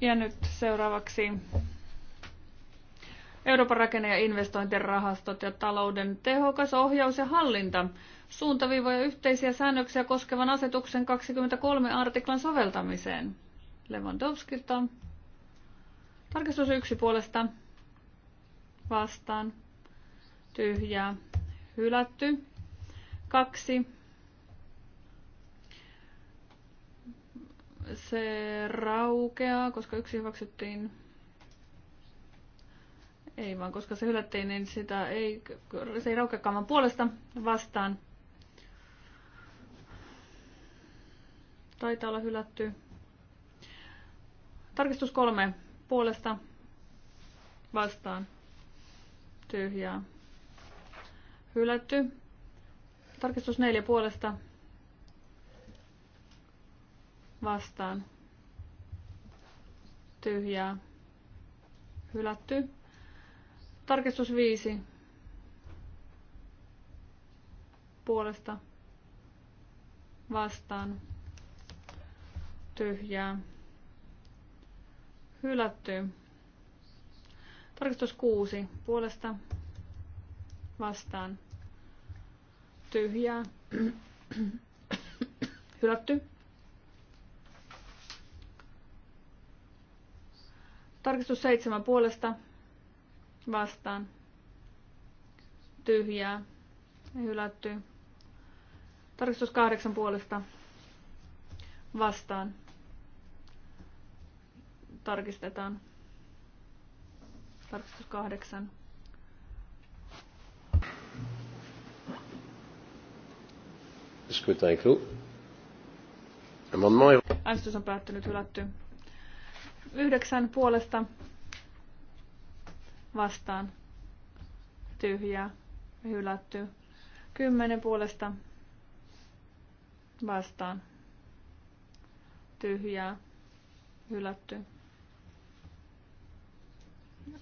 Ja nyt seuraavaksi Euroopan rakenne- ja investointien rahastot ja talouden tehokas ohjaus ja hallinta suuntaviivoja yhteisiä säännöksiä koskevan asetuksen 23 artiklan soveltamiseen. Lewandowskilta. Tarkistus yksi puolesta. Vastaan. Tyhjää. Hylätty. Kaksi. Se raukeaa, koska yksi hyväksyttiin ei vaan, koska se hylättiin, niin sitä ei, se ei raukeakaan puolesta vastaan. Taitaa olla hylätty. Tarkistus kolme. Puolesta vastaan. Tyhjää. Hylätty. Tarkistus neljä puolesta vastaan. Tyhjää. Hylätty. Tarkistus 5. Puolesta vastaan tyhjää. Hylätty. Tarkistus 6. Puolesta vastaan tyhjää. Hylätty. Tarkistus 7. Puolesta vastaan tyhjää Ei hylättyä. Tarkistus kahdeksan puolesta vastaan tarkistetaan. Tarkistus kahdeksan. Äänestys on päättynyt, hylätty. Yhdeksän puolesta vastaan tyhjää hylättyä. kymmenen puolesta vastaan tyhjää hylätty.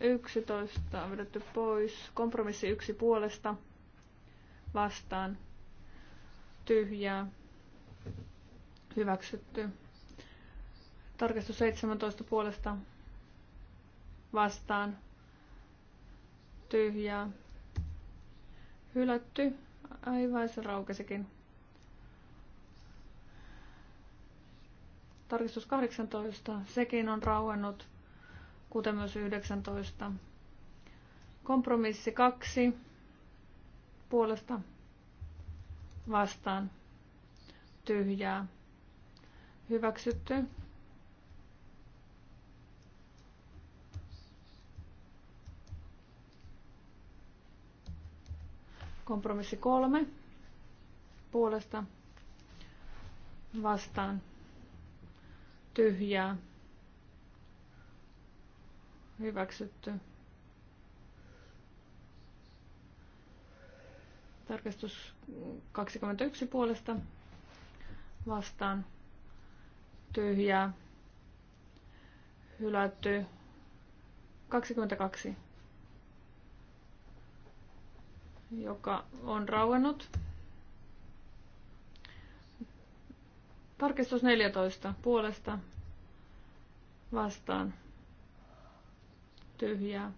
11 on vedetty pois. Kompromissi yksi puolesta vastaan tyhjää hyväksytty. Tarkistus 17 puolesta vastaan tyhjää, hylätty, aivan se raukesikin. Tarkistus 18, sekin on rauennut, kuten myös 19. Kompromissi 2, puolesta vastaan, tyhjää, hyväksytty. Kompromissi kolme puolesta vastaan tyhjää hyväksytty. Tarkastus 21 puolesta vastaan tyhjää hylätty 22 joka on rauennut. Tarkistus 14 puolesta vastaan tyhjää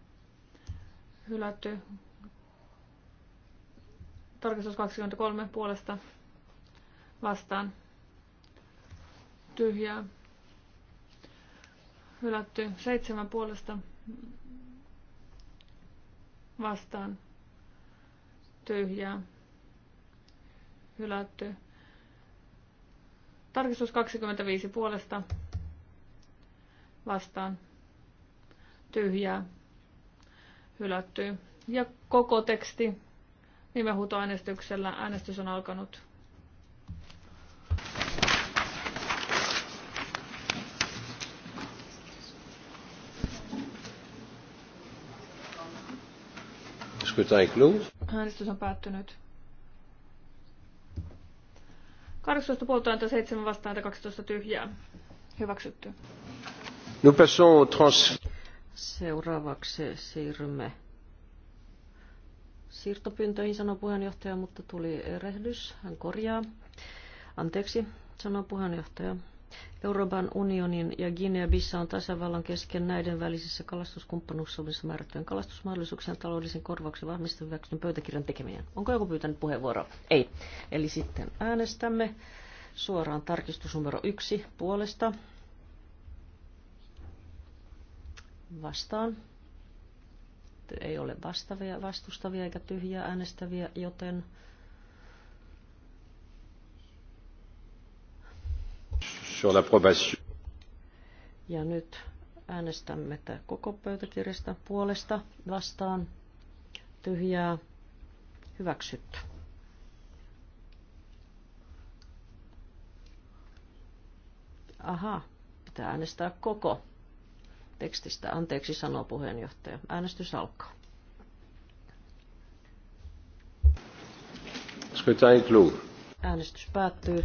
hylätty. Tarkistus 23 puolesta vastaan tyhjää hylätty. 7 puolesta vastaan tyhjää, hylätty. Tarkistus 25 puolesta vastaan, tyhjää, hylätty. Ja koko teksti nimenhuutoäänestyksellä. Äänestys on alkanut. Scrutin clos. Äänestys on päättynyt. 18 puolta antaa 7 vastaan 12 tyhjää. Hyväksytty. Nous trans... Seuraavaksi siirrymme siirtopyyntöihin, sanoi puheenjohtaja, mutta tuli erehdys. Hän korjaa. Anteeksi, sanoi puheenjohtaja. Euroopan unionin ja Guinea-Bissau on tasavallan kesken näiden välisessä kalastuskumppanuussopimuksessa määrättyjen kalastusmahdollisuuksien taloudellisen korvauksen vahmistaväksyn pöytäkirjan tekeminen. Onko joku pyytänyt puheenvuoroa? Ei. Eli sitten äänestämme suoraan tarkistus numero yksi puolesta. Vastaan. Ei ole vastavia, vastustavia eikä tyhjiä äänestäviä, joten sur l'approbation. Ja nyt äänestämme tätä koko pöytäkirjasta puolesta vastaan tyhjää hyväksytty. Aha, pitää äänestää koko tekstistä. Anteeksi, sanoo puheenjohtaja. Äänestys alkaa. Scrutin clos. Äänestys päättyy.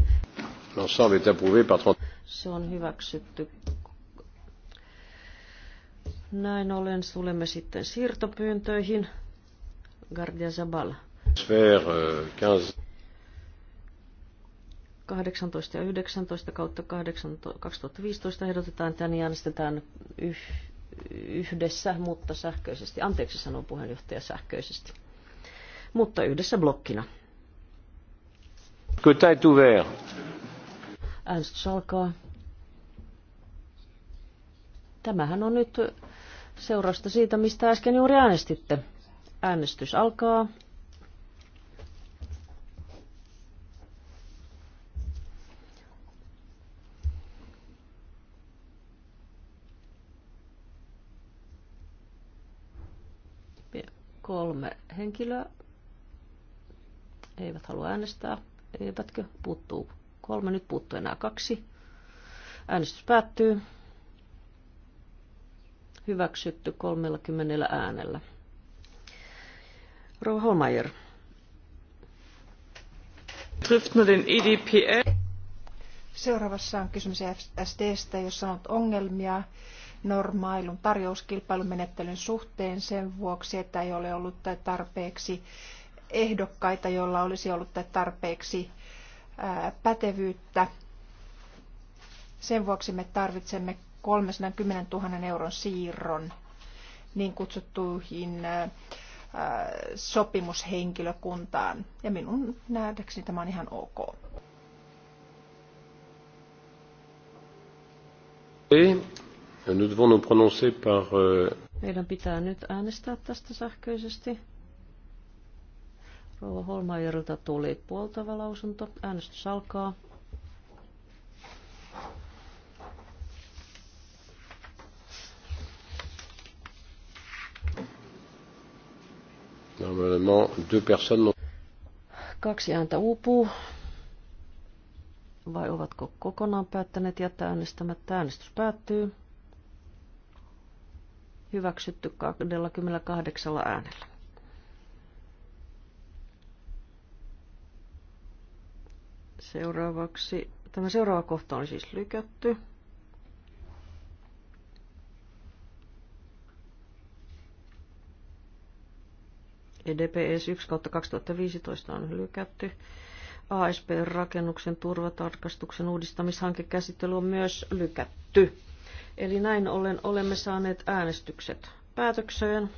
L'ensemble est approuvé par 30. Se on hyväksytty. Näin ollen tulemme sitten siirtopyyntöihin. Gardia Zabal. 18 euh, ja 19 kautta 2015 ehdotetaan, että niin äänestetään yhdessä, mutta sähköisesti. Anteeksi sanoo puheenjohtaja sähköisesti. Mutta yhdessä blokkina. Kyllä täytyy Äänestys alkaa. Tämähän on nyt seurasta siitä, mistä äsken juuri äänestitte. Äänestys alkaa. Kolme henkilöä eivät halua äänestää, eivätkö puuttuu kolme, nyt puuttuu enää kaksi. Äänestys päättyy. Hyväksytty 30 äänellä. Rouva Holmeier. Trifft EDPL. Seuraavassa on kysymys SDstä, jossa on ongelmia normailun tarjouskilpailumenettelyn suhteen sen vuoksi, että ei ole ollut tarpeeksi ehdokkaita, joilla olisi ollut tarpeeksi pätevyyttä. Sen vuoksi me tarvitsemme 310 000 euron siirron niin kutsuttuihin sopimushenkilökuntaan. Ja minun nähdäkseni tämä on ihan ok. Euh, Meidän pitää nyt äänestää tästä sähköisesti. Rouva Holmajärjeltä tuli puoltava lausunto. Äänestys alkaa. Kaksi ääntä uupuu. Vai ovatko kokonaan päättäneet jättää äänestämättä? Äänestys päättyy. Hyväksytty 28 äänellä. Seuraavaksi, tämä seuraava kohta on siis lykätty. EDPS 1 2015 on lykätty. ASP-rakennuksen turvatarkastuksen uudistamishankekäsittely on myös lykätty. Eli näin ollen olemme saaneet äänestykset päätökseen.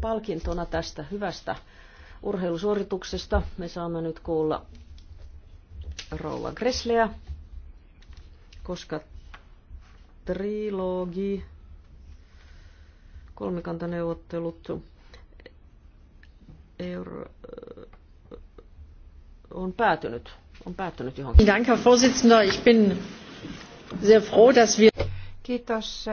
Palkintona tästä hyvästä urheilusuorituksesta. Me saamme nyt kuulla Rouva Gressleä, koska trilogi, kolmikantaneuvottelut, euro, on päätynyt. On päätynyt johonkin. Dank, Herr Vorsitzender. Ich bin sehr froh, dass wir... Kiitos.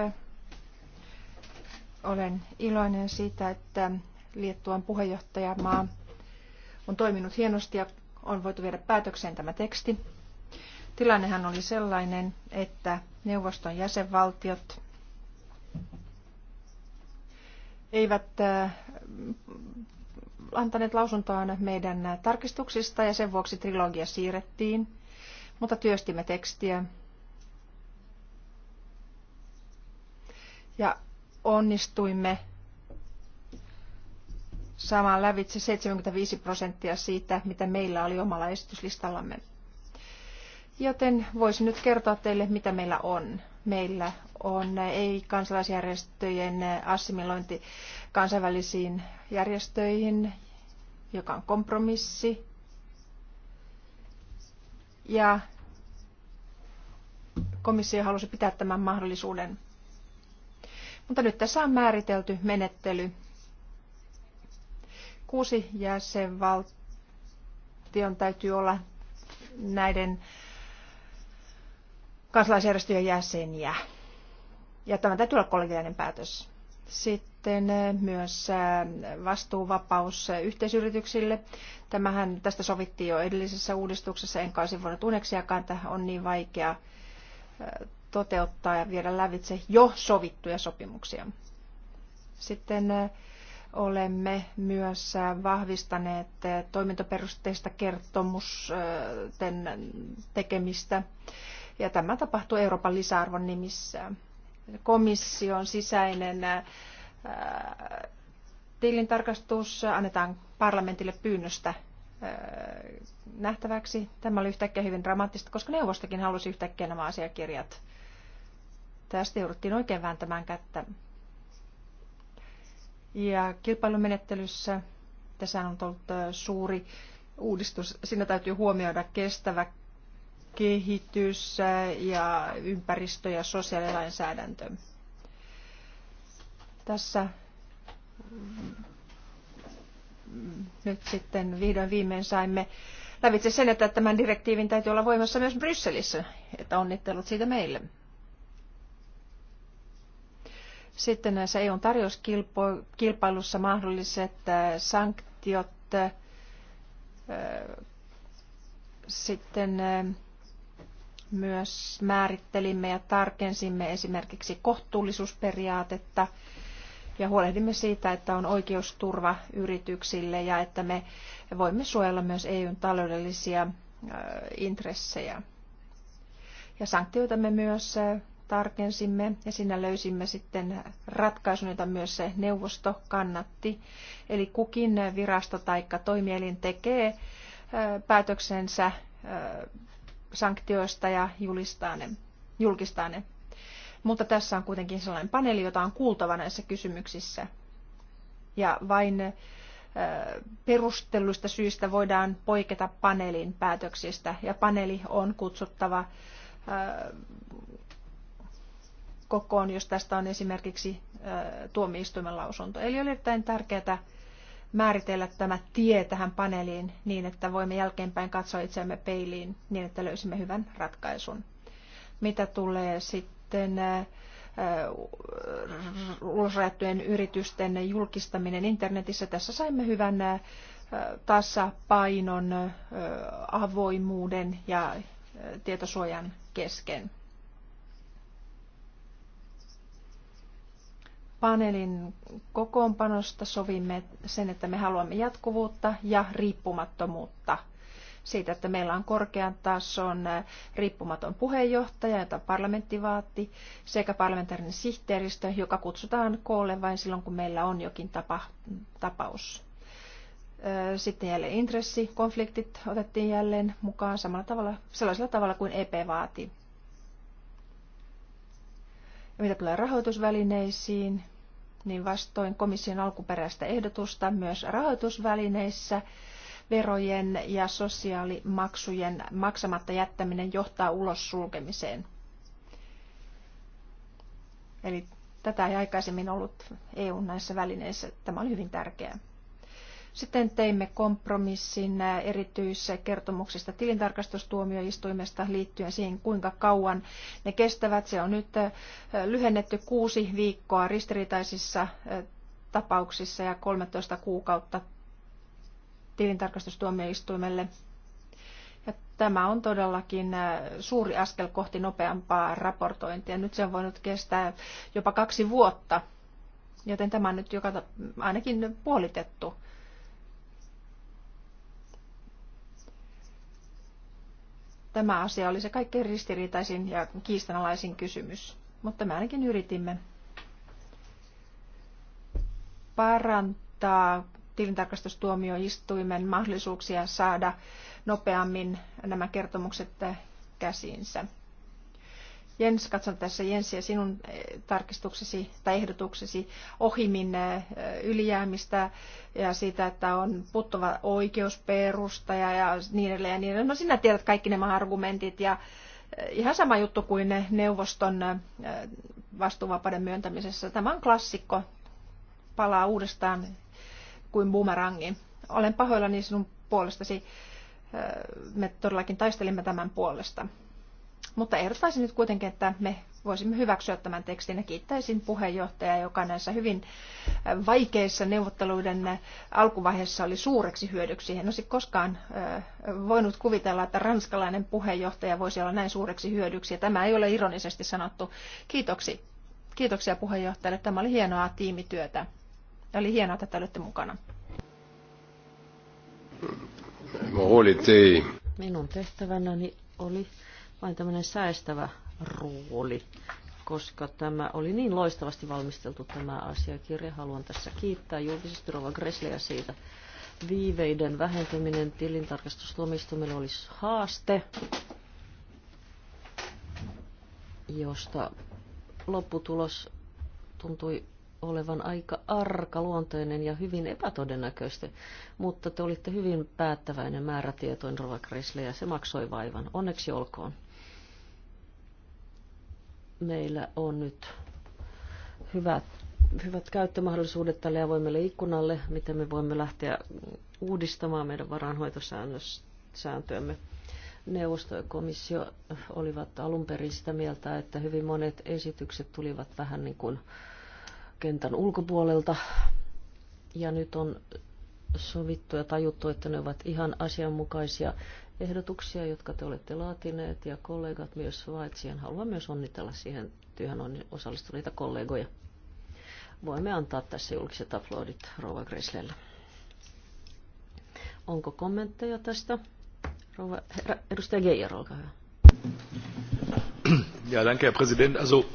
Olen iloinen siitä, että Liettuan puheenjohtajamaa on toiminut hienosti ja on voitu viedä päätökseen tämä teksti. Tilannehan oli sellainen, että neuvoston jäsenvaltiot eivät äh, antaneet lausuntoaan meidän tarkistuksista ja sen vuoksi trilogia siirrettiin, mutta työstimme tekstiä. Ja onnistuimme saamaan lävitse 75 prosenttia siitä, mitä meillä oli omalla esityslistallamme. Joten voisin nyt kertoa teille, mitä meillä on. Meillä on ei-kansalaisjärjestöjen assimilointi kansainvälisiin järjestöihin, joka on kompromissi. Ja komissio halusi pitää tämän mahdollisuuden. Mutta nyt tässä on määritelty menettely, kuusi jäsenvaltion täytyy olla näiden kansalaisjärjestöjen jäseniä. Ja tämä täytyy olla kollegiaalinen päätös. Sitten myös äh, vastuuvapaus yhteisyrityksille. Tämähän tästä sovittiin jo edellisessä uudistuksessa, enkä olisi voinut uneksiakaan, että on niin vaikea äh, toteuttaa ja viedä lävitse jo sovittuja sopimuksia. Sitten äh, olemme myös vahvistaneet toimintaperusteista kertomusten tekemistä. Ja tämä tapahtuu Euroopan lisäarvon nimissä. Komission sisäinen äh, tilintarkastus annetaan parlamentille pyynnöstä äh, nähtäväksi. Tämä oli yhtäkkiä hyvin dramaattista, koska neuvostokin halusi yhtäkkiä nämä asiakirjat. Tästä jouduttiin oikein vääntämään kättä. Ja kilpailumenettelyssä tässä on ollut suuri uudistus. Siinä täytyy huomioida kestävä kehitys ja ympäristö- ja sosiaalilainsäädäntö. Tässä mm, nyt sitten vihdoin viimein saimme lävitse sen, että tämän direktiivin täytyy olla voimassa myös Brysselissä, että onnittelut siitä meille. Sitten näissä EUn tarjouskilpailussa mahdolliset äh, sanktiot, äh, sitten äh, myös määrittelimme ja tarkensimme esimerkiksi kohtuullisuusperiaatetta ja huolehdimme siitä, että on oikeusturva yrityksille ja että me voimme suojella myös EUn taloudellisia intressejä. Ja sanktioitamme myös tarkensimme ja siinä löysimme sitten ratkaisun, jota myös se neuvosto kannatti. Eli kukin virasto tai toimielin tekee päätöksensä sanktioista ja julistaa ne, julkistaa ne. Mutta tässä on kuitenkin sellainen paneeli, jota on kuultava näissä kysymyksissä. Ja vain perustelluista syistä voidaan poiketa paneelin päätöksistä ja paneeli on kutsuttava kokoon, jos tästä on esimerkiksi tuomioistuimen lausunto. Eli oli erittäin tärkeää määritellä tämä tie tähän paneeliin niin, että voimme jälkeenpäin katsoa itseämme peiliin niin, että löysimme hyvän ratkaisun. Mitä tulee sitten ulosrajattujen yritysten julkistaminen internetissä, tässä saimme hyvän tasapainon avoimuuden ja tietosuojan kesken. paneelin kokoonpanosta sovimme sen, että me haluamme jatkuvuutta ja riippumattomuutta siitä, että meillä on korkean tason äh, riippumaton puheenjohtaja, jota parlamentti vaatti, sekä parlamentaarinen sihteeristö, joka kutsutaan koolle vain silloin, kun meillä on jokin tapa, tapaus. Äh, sitten jälleen intressikonfliktit otettiin jälleen mukaan samalla tavalla, sellaisella tavalla kuin EP vaati. Mitä tulee rahoitusvälineisiin, niin vastoin komission alkuperäistä ehdotusta myös rahoitusvälineissä verojen ja sosiaalimaksujen maksamatta jättäminen johtaa ulos sulkemiseen. Eli tätä ei aikaisemmin ollut EU näissä välineissä. Tämä on hyvin tärkeää. Sitten teimme kompromissin erityiskertomuksista tilintarkastustuomioistuimesta liittyen siihen, kuinka kauan ne kestävät. Se on nyt äh, lyhennetty kuusi viikkoa ristiriitaisissa äh, tapauksissa ja 13 kuukautta tilintarkastustuomioistuimelle. Ja tämä on todellakin äh, suuri askel kohti nopeampaa raportointia. Nyt se on voinut kestää jopa kaksi vuotta, joten tämä on nyt joka, ainakin puolitettu. Tämä asia oli se kaikkein ristiriitaisin ja kiistanalaisin kysymys, mutta me ainakin yritimme parantaa tilintarkastustuomioistuimen mahdollisuuksia saada nopeammin nämä kertomukset käsiinsä. Jens, katson tässä Jensiä sinun eh, tarkistuksesi tai ehdotuksesi ohimin eh, ylijäämistä ja siitä, että on puttava oikeusperusta ja, niin edelleen ja niin edelleen. No sinä tiedät kaikki nämä argumentit ja eh, ihan sama juttu kuin neuvoston vastuuvapauden myöntämisessä. Tämä on klassikko, palaa uudestaan kuin boomerangin. Olen pahoillani sinun puolestasi. Me todellakin taistelimme tämän puolesta. Mutta ehdottaisin nyt kuitenkin, että me voisimme hyväksyä tämän tekstin ja kiittäisin puheenjohtajaa, joka näissä hyvin vaikeissa neuvotteluiden alkuvaiheessa oli suureksi hyödyksi. En olisi koskaan voinut kuvitella, että ranskalainen puheenjohtaja voisi olla näin suureksi hyödyksi. Ja tämä ei ole ironisesti sanottu. Kiitoksi. Kiitoksia puheenjohtajalle. Tämä oli hienoa tiimityötä. Oli hienoa, että olette mukana. Minun tehtävänäni oli vain tämmöinen säästävä rooli, koska tämä oli niin loistavasti valmisteltu tämä asiakirja. Haluan tässä kiittää julkisesti Rova Gresleä siitä. Viiveiden vähentäminen tilintarkastuslomistumille olisi haaste, josta lopputulos tuntui olevan aika arkaluonteinen ja hyvin epätodennäköistä, mutta te olitte hyvin päättäväinen määrätietoinen Rova Kresle ja se maksoi vaivan. Onneksi olkoon meillä on nyt hyvät, hyvät käyttömahdollisuudet tälle avoimelle ikkunalle, miten me voimme lähteä uudistamaan meidän varainhoitosääntöämme. Neuvosto ja komissio olivat alun perin sitä mieltä, että hyvin monet esitykset tulivat vähän niin kuin kentän ulkopuolelta. Ja nyt on sovittu ja tajuttu, että ne ovat ihan asianmukaisia ehdotuksia, jotka te olette laatineet ja kollegat myös vaitsien. Haluan myös onnitella siihen työhön on osallistuneita kollegoja. Voimme antaa tässä julkiset aplodit Rova Greslelle. Onko kommentteja tästä? Rova, herra, edustaja Geijer, olkaa hyvä. Ja, danke, president. Also...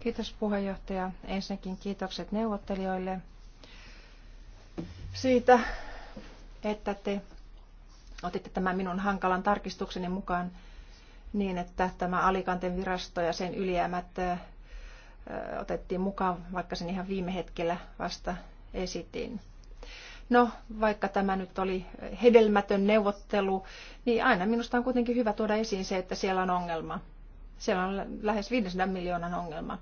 Kiitos puheenjohtaja. Ensinnäkin kiitokset neuvottelijoille siitä, että te otitte tämän minun hankalan tarkistukseni mukaan niin, että tämä Alikanten virasto ja sen ylijäämät otettiin mukaan, vaikka sen ihan viime hetkellä vasta esitin. No, vaikka tämä nyt oli hedelmätön neuvottelu, niin aina minusta on kuitenkin hyvä tuoda esiin se, että siellä on ongelma. Siellä on lähes 500 miljoonan ongelma.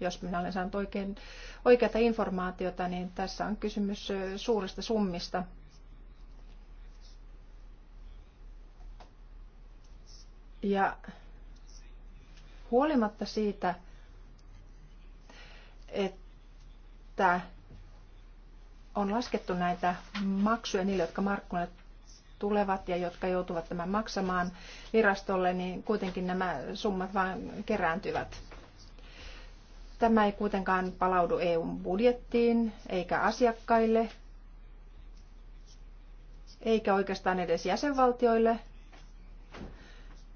Jos minä olen saanut oikein, oikeata informaatiota, niin tässä on kysymys suurista summista, Ja huolimatta siitä, että on laskettu näitä maksuja niille, jotka markkinoille tulevat ja jotka joutuvat tämän maksamaan virastolle, niin kuitenkin nämä summat vain kerääntyvät. Tämä ei kuitenkaan palaudu EUn budjettiin eikä asiakkaille eikä oikeastaan edes jäsenvaltioille,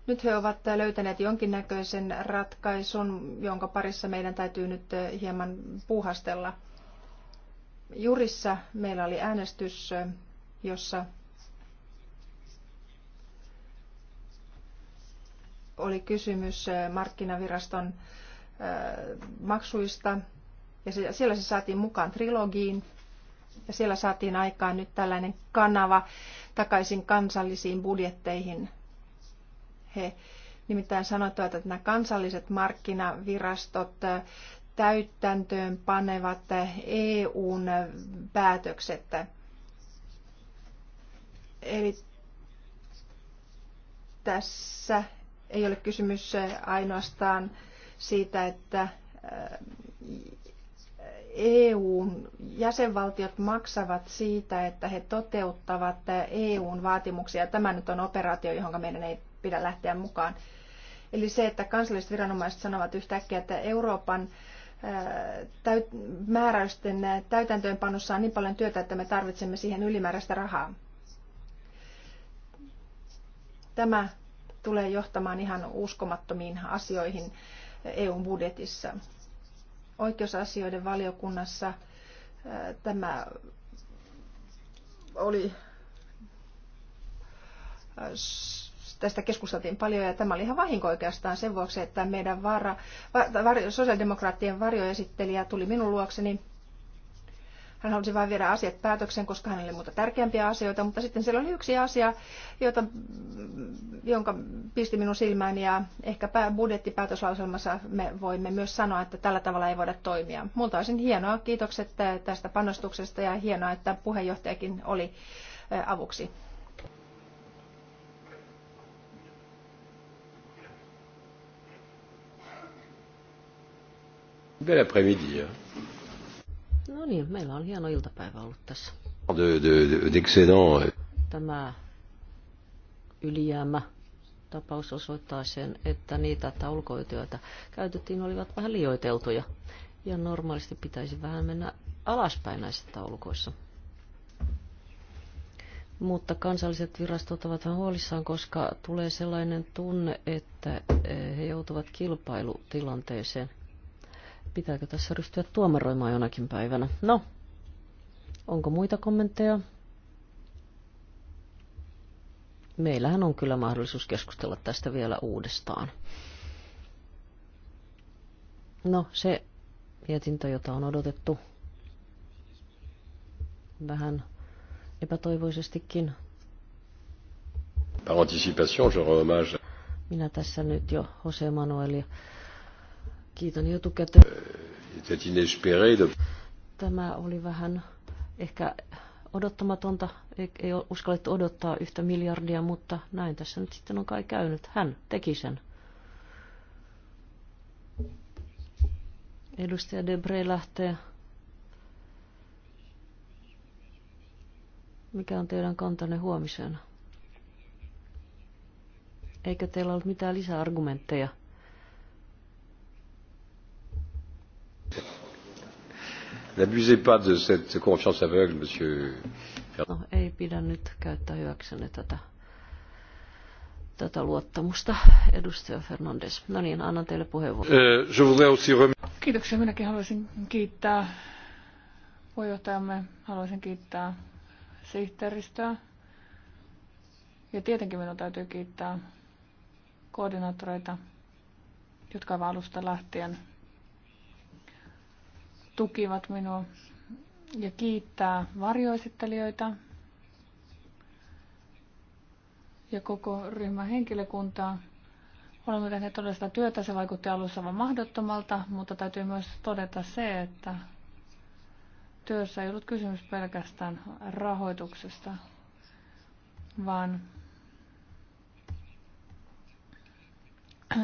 nyt he ovat löytäneet jonkinnäköisen ratkaisun, jonka parissa meidän täytyy nyt eh, hieman puuhastella. Jurissa meillä oli äänestys, eh, jossa oli kysymys eh, markkinaviraston maksuista. Ja siellä se saatiin mukaan trilogiin. Ja siellä saatiin aikaan nyt tällainen kanava takaisin kansallisiin budjetteihin – he nimittäin sanoivat, että nämä kansalliset markkinavirastot äh, täyttäntöön panevat äh, EUn äh, päätökset. Eli tässä ei ole kysymys ainoastaan siitä, että EUn jäsenvaltiot maksavat siitä, että he toteuttavat EUn vaatimuksia. Tämä nyt on operaatio, johon meidän ei pidä lähteä mukaan. Eli se, että kansalliset viranomaiset sanovat yhtäkkiä, että Euroopan täyt- määräysten täytäntöönpanossa on niin paljon työtä, että me tarvitsemme siihen ylimääräistä rahaa. Tämä tulee johtamaan ihan uskomattomiin asioihin EUn budjetissa. Oikeusasioiden valiokunnassa tämä oli tästä keskusteltiin paljon ja tämä oli ihan vahinko oikeastaan sen vuoksi, että meidän va, va, sosiaalidemokraattien varjoesittelijä tuli minun luokseni. Hän halusi vain viedä asiat päätöksen, koska hänellä oli muuta tärkeämpiä asioita, mutta sitten siellä oli yksi asia, jota, jonka pisti minun silmään ja ehkä budjettipäätöslauselmassa me voimme myös sanoa, että tällä tavalla ei voida toimia. Multa olisin hienoa, kiitokset tästä panostuksesta ja hienoa, että puheenjohtajakin oli avuksi. Bel après-midi. No niin, meillä on hieno iltapäivä ollut tässä. De, de, de, Tämä ylijäämä tapaus osoittaa sen, että niitä taulukoita, käytettiin, olivat vähän liioiteltuja. Ja normaalisti pitäisi vähän mennä alaspäin näissä taulukoissa. Mutta kansalliset virastot ovat vähän huolissaan, koska tulee sellainen tunne, että eh, he joutuvat kilpailutilanteeseen – Pitääkö tässä ryhtyä tuomaroimaan jonakin päivänä? No, onko muita kommentteja? Meillähän on kyllä mahdollisuus keskustella tästä vielä uudestaan. No, se mietintö, jota on odotettu vähän epätoivoisestikin. Par anticipation, je Minä tässä nyt jo Jose Manuelia Kiitän etukäteen. Tämä oli vähän ehkä odottamatonta, ei uskallettu odottaa yhtä miljardia, mutta näin tässä nyt sitten on kai käynyt. Hän teki sen. Edustaja Debre lähtee. Mikä on teidän kantanne huomiseen? Eikö teillä ollut mitään lisäargumentteja? N'abusez pas de cette confiance aveugle, monsieur. No, ei pidä nyt käyttää hyväksenne tätä, tätä luottamusta, edustaja Fernandes. No niin, annan teille puheenvuoron. Kiitoksia. Minäkin haluaisin kiittää puheenjohtajamme, haluaisin kiittää sihteeristöä. Ja tietenkin minun täytyy kiittää koordinaattoreita, jotka ovat alusta lähtien tukivat minua ja kiittää varjoesittelijöitä ja koko ryhmän henkilökuntaa. Olemme tehneet todellista työtä, se vaikutti alussa vain mahdottomalta, mutta täytyy myös todeta se, että työssä ei ollut kysymys pelkästään rahoituksesta, vaan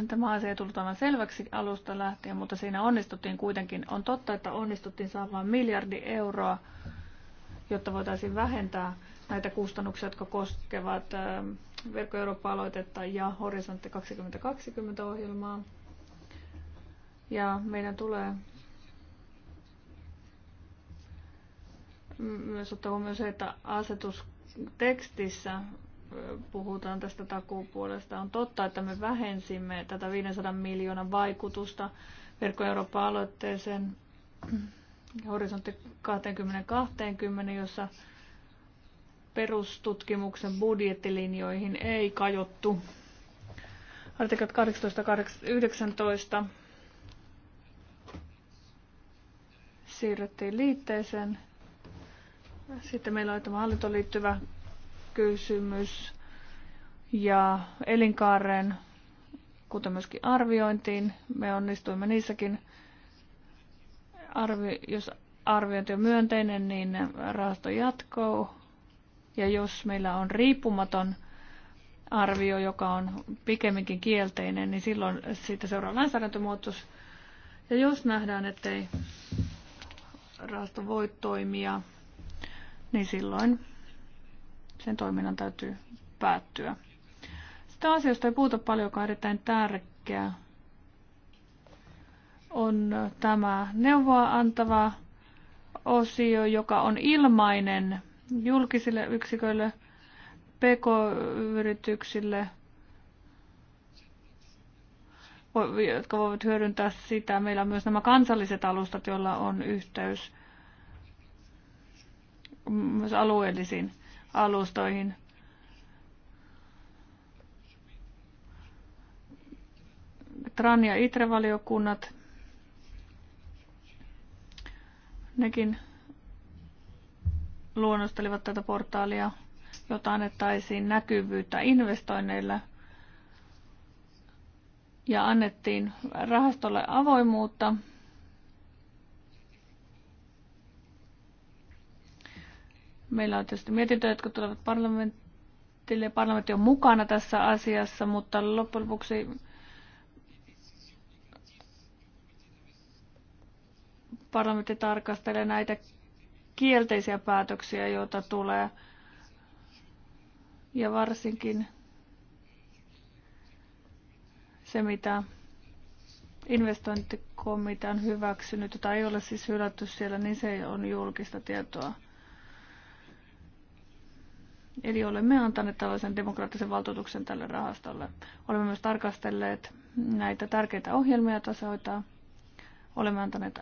Tämä asia ei tullut aivan selväksi alusta lähtien, mutta siinä onnistuttiin kuitenkin. On totta, että onnistuttiin saamaan miljardi euroa, jotta voitaisiin vähentää näitä kustannuksia, jotka koskevat ähm, Verkko Eurooppa-aloitetta ja Horisontti 2020-ohjelmaa. Ja meidän tulee myös ottaa huomioon se, että asetustekstissä puhutaan tästä takuupuolesta. On totta, että me vähensimme tätä 500 miljoonan vaikutusta Verkko Eurooppa-aloitteeseen horisontti 2020, jossa perustutkimuksen budjettilinjoihin ei kajottu. Artikat 1819 siirrettiin liitteeseen. Sitten meillä on tämä hallintoon liittyvä kysymys ja elinkaaren, kuten myöskin arviointiin. Me onnistuimme niissäkin. Arvi, jos arviointi on myönteinen, niin rahasto jatkuu. Ja jos meillä on riippumaton arvio, joka on pikemminkin kielteinen, niin silloin siitä seuraa lainsäädäntömuutos. Ja jos nähdään, ettei rahasto voi toimia, niin silloin sen toiminnan täytyy päättyä. Sitä asioista ei puhuta paljon, joka on erittäin tärkeä. On tämä neuvoa antava osio, joka on ilmainen julkisille yksiköille, pk-yrityksille, jotka voivat hyödyntää sitä. Meillä on myös nämä kansalliset alustat, joilla on yhteys myös alueellisiin alustoihin. TRAN ja ITRE-valiokunnat, nekin luonnostelivat tätä portaalia, jota annettaisiin näkyvyyttä investoinneille ja annettiin rahastolle avoimuutta Meillä on tietysti mietintöjä, jotka tulevat parlamentille. Parlamentti on mukana tässä asiassa, mutta loppujen lopuksi parlamentti tarkastelee näitä kielteisiä päätöksiä, joita tulee. Ja varsinkin se, mitä investointikomitean hyväksynyt, jota ei ole siis hylätty siellä, niin se on julkista tietoa. Eli olemme antaneet tällaisen demokraattisen valtuutuksen tälle rahastolle. Olemme myös tarkastelleet näitä tärkeitä ohjelmia, tasoita. Olemme antaneet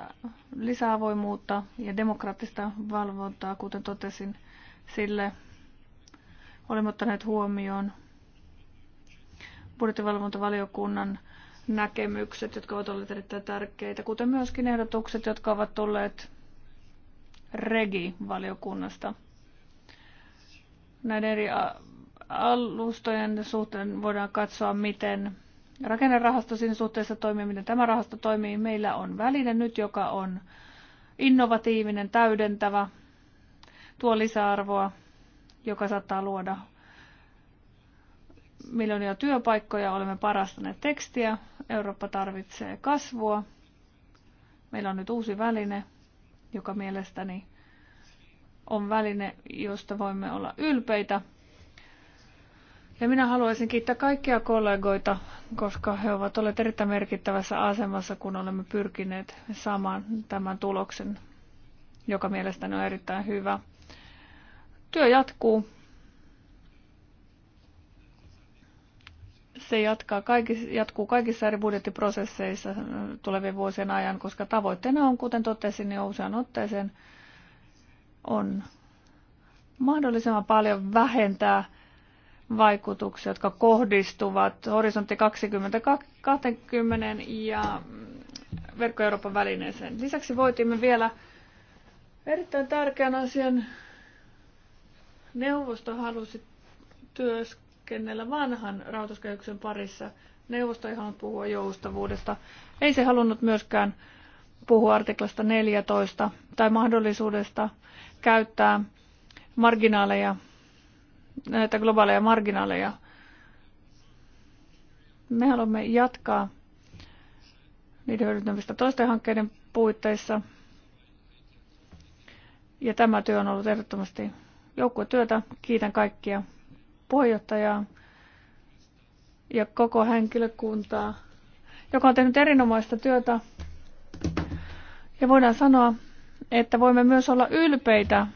lisäavoimuutta ja demokraattista valvontaa, kuten totesin sille. Olemme ottaneet huomioon budjettivalvontavaliokunnan näkemykset, jotka ovat olleet erittäin tärkeitä, kuten myöskin ehdotukset, jotka ovat tulleet Regi-valiokunnasta näiden eri alustojen suhteen voidaan katsoa, miten rakennerahasto siinä suhteessa toimii, miten tämä rahasto toimii. Meillä on väline nyt, joka on innovatiivinen, täydentävä, tuo lisäarvoa, joka saattaa luoda miljoonia työpaikkoja. Olemme parastaneet tekstiä. Eurooppa tarvitsee kasvua. Meillä on nyt uusi väline, joka mielestäni on väline, josta voimme olla ylpeitä. Ja minä haluaisin kiittää kaikkia kollegoita, koska he ovat olleet erittäin merkittävässä asemassa, kun olemme pyrkineet saamaan tämän tuloksen, joka mielestäni on erittäin hyvä. Työ jatkuu. se jatkaa kaikissa, jatkuu kaikissa eri budjettiprosesseissa tulevien vuosien ajan, koska tavoitteena on, kuten totesin, niin usean otteeseen on mahdollisimman paljon vähentää vaikutuksia, jotka kohdistuvat horisontti 2020 ja verkko Euroopan välineeseen. Lisäksi voitimme vielä erittäin tärkeän asian. Neuvosto halusi työskennellä vanhan rahoituskehyksen parissa. Neuvosto ei halunnut puhua joustavuudesta. Ei se halunnut myöskään puhua artiklasta 14 tai mahdollisuudesta käyttää marginaaleja, näitä globaaleja marginaaleja. Me haluamme jatkaa niiden hyödyntämistä toisten hankkeiden puitteissa. Ja tämä työ on ollut ehdottomasti joukkuetyötä. Kiitän kaikkia puheenjohtajaa ja koko henkilökuntaa, joka on tehnyt erinomaista työtä. Ja voidaan sanoa, että voimme myös olla ylpeitä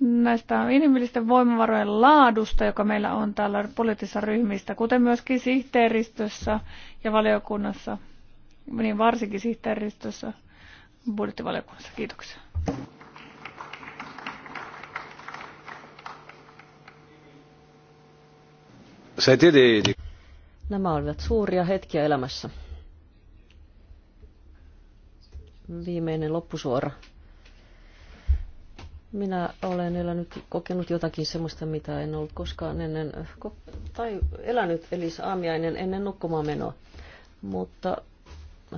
näistä inhimillisten voimavarojen laadusta, joka meillä on täällä poliittisissa ryhmistä, kuten myöskin sihteeristössä ja valiokunnassa, niin varsinkin sihteeristössä budjettivaliokunnassa. Kiitoksia. Nämä olivat suuria hetkiä elämässä viimeinen loppusuora. Minä olen elänyt, kokenut jotakin semmoista, mitä en ollut koskaan ennen, tai elänyt, eli aamiainen ennen nukkumaan menoa. Mutta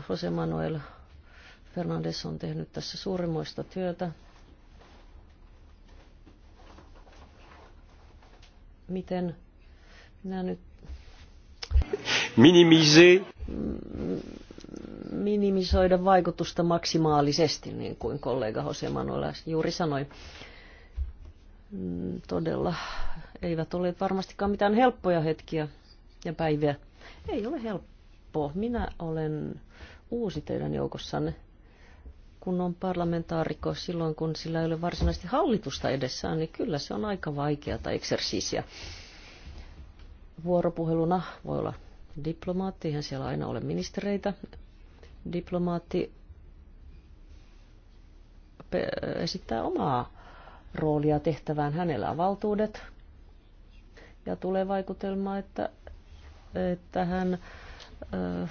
Jose Manuel Fernandes on tehnyt tässä suurimoista työtä. Miten minä nyt... Minimiser minimisoida vaikutusta maksimaalisesti, niin kuin kollega Jose Manuel juuri sanoi. Mm, todella eivät ole varmastikaan mitään helppoja hetkiä ja päiviä. Ei ole helppoa. Minä olen uusi teidän joukossanne kun on parlamentaarikko silloin, kun sillä ei ole varsinaisesti hallitusta edessään, niin kyllä se on aika vaikeata eksersiisiä. Vuoropuheluna voi olla diplomaatti, eihän siellä aina ole ministereitä, diplomaatti esittää omaa roolia tehtävään. Hänellä on valtuudet ja tulee vaikutelma, että, että hän... Äh,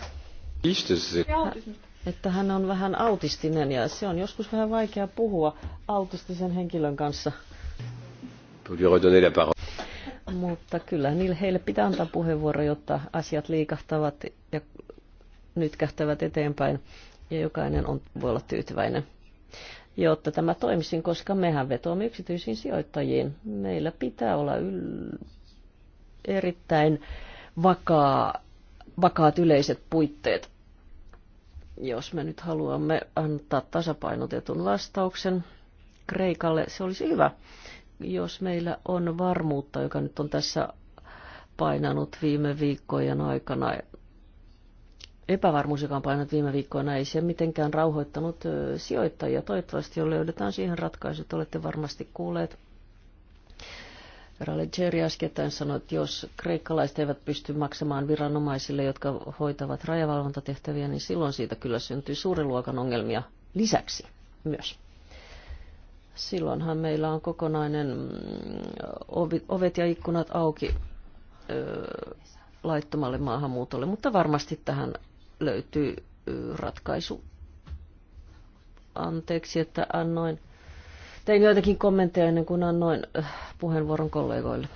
että hän on vähän autistinen ja se on joskus vähän vaikea puhua autistisen henkilön kanssa. Mutta kyllä niille heille pitää antaa puheenvuoro, jotta asiat liikahtavat ja nyt kähtävät eteenpäin ja jokainen on, voi olla tyytyväinen jotta tämä toimisi, koska mehän vetoamme yksityisiin sijoittajiin. Meillä pitää olla yl- erittäin vakaa, vakaat yleiset puitteet. Jos me nyt haluamme antaa tasapainotetun vastauksen Kreikalle, se olisi hyvä, jos meillä on varmuutta, joka nyt on tässä painanut viime viikkojen aikana epävarmuus, joka on painanut viime viikkoina, ei se mitenkään rauhoittanut sijoittajia. Toivottavasti jo löydetään siihen ratkaisut. Olette varmasti kuulleet. Jerry äsken sanoi, että jos kreikkalaiset eivät pysty maksamaan viranomaisille, jotka hoitavat rajavalvontatehtäviä, niin silloin siitä kyllä syntyy suuren luokan ongelmia lisäksi myös. Silloinhan meillä on kokonainen mm, ovet ja ikkunat auki laittomalle maahanmuutolle, mutta varmasti tähän löytyy ratkaisu. Anteeksi, että annoin. Tein joitakin kommentteja ennen kuin annoin puheenvuoron kollegoille.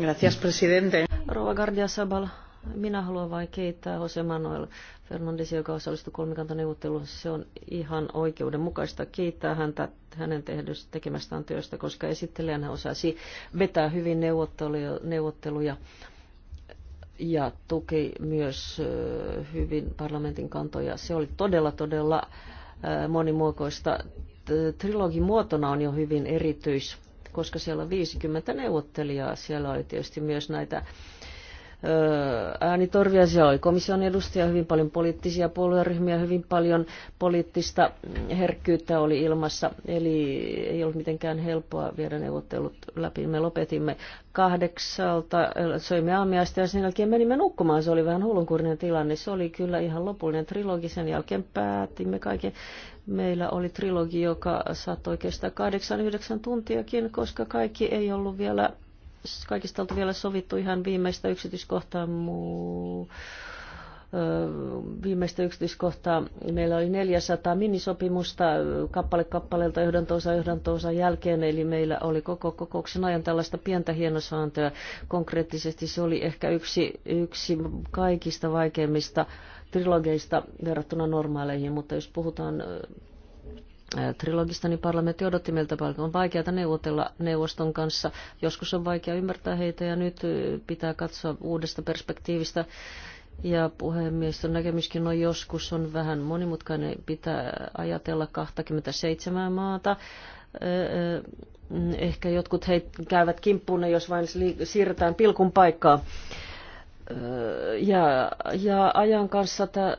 Gracias, presidente. Rova Gardia Sabala. Minä haluan vain kiittää Jose Manuel Fernandes, joka osallistui kolmikantaneuvotteluun. Se on ihan oikeudenmukaista kiittää häntä hänen tehdystä, tekemästään työstä, koska esittelijänä osasi vetää hyvin neuvotteluja, neuvotteluja ja tuki myös hyvin parlamentin kantoja. Se oli todella, todella monimuokoista. Trilogin muotona on jo hyvin erityis, koska siellä on 50 neuvottelijaa. Siellä oli tietysti myös näitä äänitorvia. Siellä oli komission edustajia, hyvin paljon poliittisia puolueryhmiä, hyvin paljon poliittista herkkyyttä oli ilmassa. Eli ei ollut mitenkään helppoa viedä neuvottelut läpi. Me lopetimme kahdeksalta, söimme aamiaista ja sen jälkeen menimme nukkumaan. Se oli vähän hullunkurinen tilanne. Se oli kyllä ihan lopullinen trilogi. Sen jälkeen päätimme kaiken. Meillä oli trilogi, joka saattoi kestää kahdeksan, yhdeksän tuntiakin, koska kaikki ei ollut vielä kaikista oltu vielä sovittu ihan viimeistä yksityiskohtaa viimeistä yksityiskohtaa. Meillä oli 400 minisopimusta kappale kappaleelta yhdentoosa yhdentoosa jälkeen, eli meillä oli koko kokouksen ajan tällaista pientä hienosaantoa. Konkreettisesti se oli ehkä yksi, yksi kaikista vaikeimmista trilogeista verrattuna normaaleihin, mutta jos puhutaan trilogista, niin parlamentti odotti meiltä paljon. On vaikeaa neuvotella neuvoston kanssa. Joskus on vaikea ymmärtää heitä ja nyt pitää katsoa uudesta perspektiivistä. Ja puhemiestön näkemyskin on joskus on vähän monimutkainen. Pitää ajatella 27 maata. Mm, ehkä jotkut he käyvät kimppuun, jos vain siirretään pilkun paikkaa ja, ja ajan kanssa tä,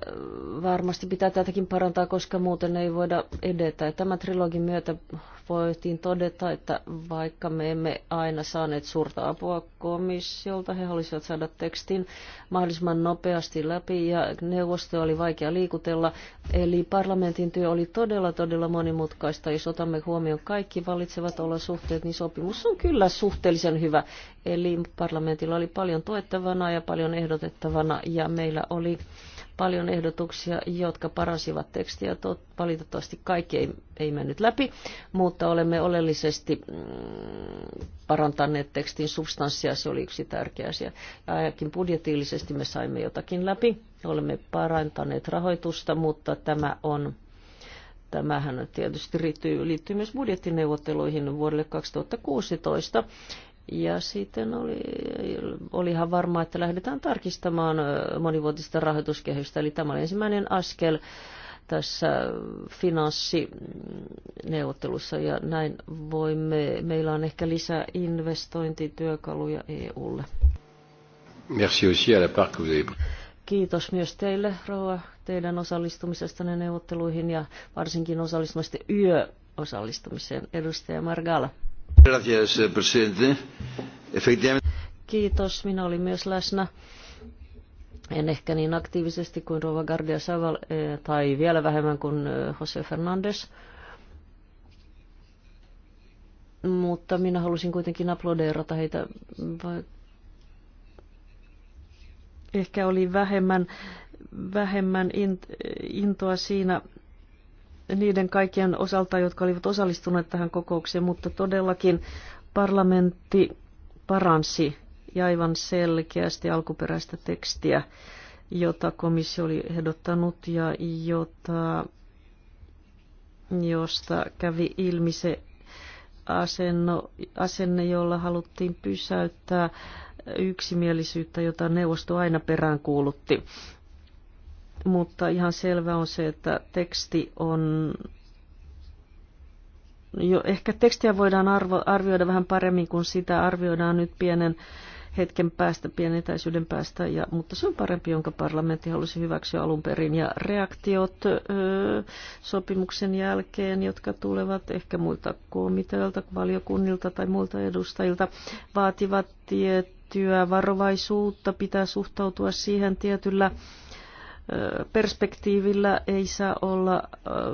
varmasti pitää tätäkin parantaa, koska muuten ei voida edetä. Tämän trilogin myötä voitiin todeta, että vaikka me emme aina saaneet suurta apua komissiolta, he halusivat saada tekstin mahdollisimman nopeasti läpi ja neuvosto oli vaikea liikutella. Eli parlamentin työ oli todella, todella monimutkaista. Jos otamme huomioon kaikki valitsevat olosuhteet, niin sopimus on kyllä suhteellisen hyvä. Eli parlamentilla oli paljon tuettavana ja paljon ehdotettavana ja meillä oli paljon ehdotuksia, jotka parasivat tekstiä. Valitettavasti kaikki ei, ei mennyt läpi, mutta olemme oleellisesti mm, parantaneet tekstin substanssia. Se oli yksi tärkeä asia. Ajakin budjetillisesti me saimme jotakin läpi. Olemme parantaneet rahoitusta, mutta tämä on Tämähän tietysti liittyy, liittyy myös budjettineuvotteluihin vuodelle 2016. Ja sitten oli, oli ihan varmaa, että lähdetään tarkistamaan monivuotista rahoituskehystä. Eli tämä oli ensimmäinen askel tässä finanssineuvottelussa ja näin voimme, meillä on ehkä lisää investointityökaluja EUlle. Merci aussi à la part que vous avez... Kiitos myös teille, Roa, teidän osallistumisestanne neuvotteluihin ja varsinkin osallistumisesta yö osallistumiseen. Edustaja Margala. Eh, Kiitos, minä olin myös läsnä. En ehkä niin aktiivisesti kuin Rova Gardia Saval, eh, tai vielä vähemmän kuin eh, Jose Fernandes. Mutta minä halusin kuitenkin aplodeerata heitä, ehkä oli vähemmän, vähemmän intoa siinä niiden kaikkien osalta, jotka olivat osallistuneet tähän kokoukseen, mutta todellakin parlamentti paransi ja aivan selkeästi alkuperäistä tekstiä, jota komissio oli ehdottanut ja jota, josta kävi ilmi se asenno, asenne, jolla haluttiin pysäyttää yksimielisyyttä, jota neuvosto aina peräänkuulutti. Mutta ihan selvä on se, että teksti on jo, ehkä tekstiä voidaan arvo, arvioida vähän paremmin kuin sitä arvioidaan nyt pienen hetken päästä, pienen etäisyyden päästä, ja, mutta se on parempi, jonka parlamentti halusi hyväksyä alun perin. Ja reaktiot ö, sopimuksen jälkeen, jotka tulevat ehkä muilta komiteilta, valiokunnilta tai muilta edustajilta, vaativat tiettyä varovaisuutta, pitää suhtautua siihen tietyllä perspektiivillä ei saa olla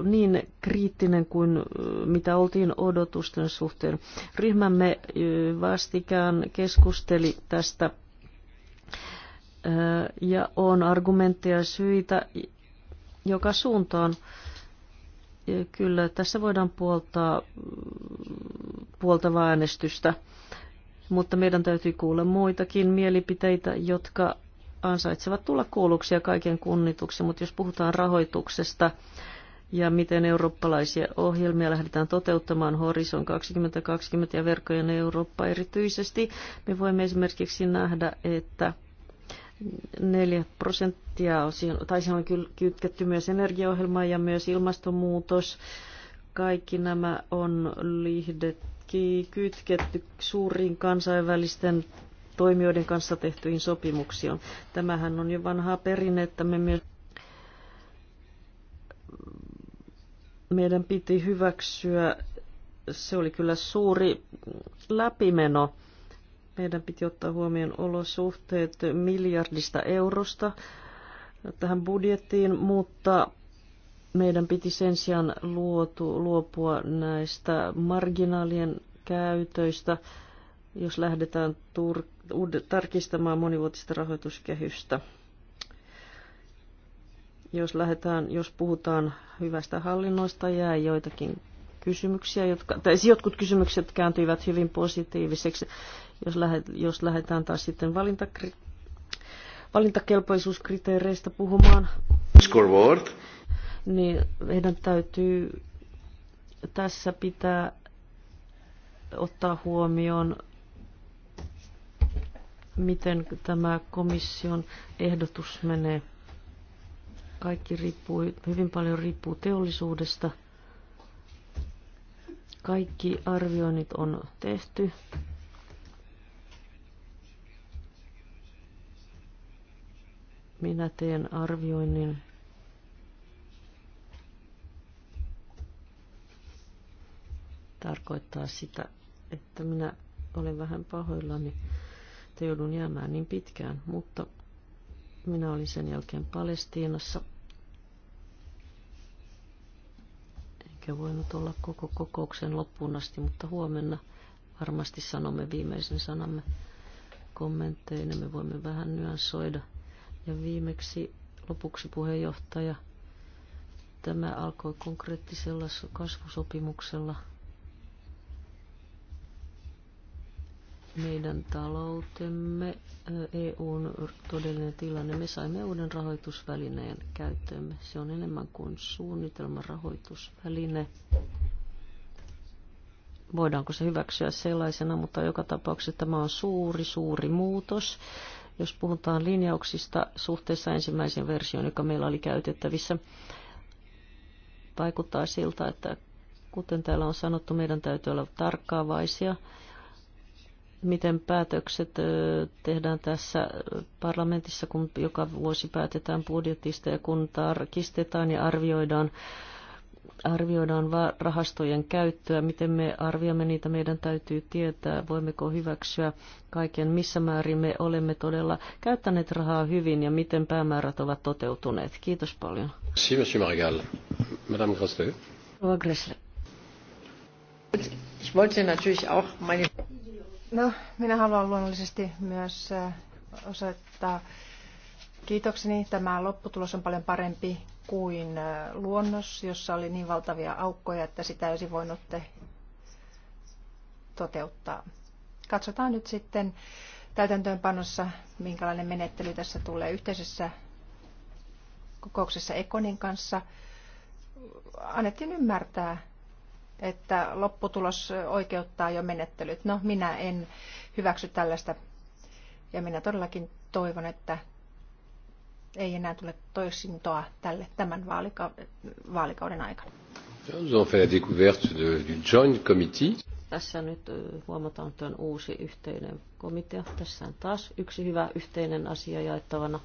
niin kriittinen kuin mitä oltiin odotusten suhteen. Ryhmämme vastikään keskusteli tästä ja on argumentteja syitä joka suuntaan. Kyllä, tässä voidaan puoltaa puoltavaa äänestystä, mutta meidän täytyy kuulla muitakin mielipiteitä, jotka ansaitsevat tulla kuulluksi ja kaiken kunnituksen, mutta jos puhutaan rahoituksesta ja miten eurooppalaisia ohjelmia lähdetään toteuttamaan Horizon 2020 ja verkkojen Eurooppa erityisesti, me voimme esimerkiksi nähdä, että 4 prosenttia, tai se on kyllä kytketty myös energiaohjelmaan ja myös ilmastonmuutos. Kaikki nämä on lihdetty kytketty suuriin kansainvälisten toimijoiden kanssa tehtyihin sopimuksiin. Tämähän on jo vanhaa perinnettä. Me myös meidän piti hyväksyä, se oli kyllä suuri läpimeno. Meidän piti ottaa huomioon olosuhteet miljardista eurosta tähän budjettiin, mutta meidän piti sen sijaan luotu, luopua näistä marginaalien käytöistä jos lähdetään tur- tarkistamaan monivuotista rahoituskehystä. Jos, lähdetään, jos puhutaan hyvästä hallinnoista, jää joitakin kysymyksiä, jotka, tai siis jotkut kysymykset kääntyivät hyvin positiiviseksi, jos, lähet, jos lähdetään taas sitten valintakri, valintakelpoisuuskriteereistä puhumaan. Scoreboard. Niin meidän täytyy tässä pitää ottaa huomioon miten tämä komission ehdotus menee. Kaikki riippuu, hyvin paljon riippuu teollisuudesta. Kaikki arvioinnit on tehty. Minä teen arvioinnin tarkoittaa sitä, että minä olen vähän pahoillani. Niin että joudun jäämään niin pitkään, mutta minä olin sen jälkeen Palestiinassa. Enkä voinut olla koko kokouksen loppuun asti, mutta huomenna varmasti sanomme viimeisen sanamme kommentteina. Me voimme vähän nyanssoida. Ja viimeksi lopuksi puheenjohtaja. Tämä alkoi konkreettisella kasvusopimuksella – meidän taloutemme, EUn todellinen tilanne. Me saimme uuden rahoitusvälineen käyttöömme. Se on enemmän kuin suunnitelman rahoitusväline. Voidaanko se hyväksyä sellaisena, mutta joka tapauksessa tämä on suuri, suuri muutos. Jos puhutaan linjauksista suhteessa ensimmäiseen versioon, joka meillä oli käytettävissä, vaikuttaa siltä, että kuten täällä on sanottu, meidän täytyy olla tarkkaavaisia – miten päätökset tehdään tässä parlamentissa, kun joka vuosi päätetään budjetista ja kun tarkistetaan ja arvioidaan, arvioidaan rahastojen käyttöä, miten me arvioimme niitä, meidän täytyy tietää, voimmeko hyväksyä kaiken, missä määrin me olemme todella käyttäneet rahaa hyvin ja miten päämäärät ovat toteutuneet. Kiitos paljon. Si, monsieur Madame Gressle. Ich wollte natürlich auch meine No, minä haluan luonnollisesti myös äh, osoittaa kiitokseni. Tämä lopputulos on paljon parempi kuin äh, luonnos, jossa oli niin valtavia aukkoja, että sitä ei olisi voinut eh, toteuttaa. Katsotaan nyt sitten täytäntöönpanossa, minkälainen menettely tässä tulee yhteisessä kokouksessa Ekonin kanssa. Annettiin ymmärtää, että lopputulos oikeuttaa jo menettelyt. No, minä en hyväksy tällaista ja minä todellakin toivon, että ei enää tule toisintoa tälle tämän vaalika- vaalikauden aikana. Tässä nyt huomataan, että on uusi yhteinen komitea. Tässä on taas yksi hyvä yhteinen asia jaettavana.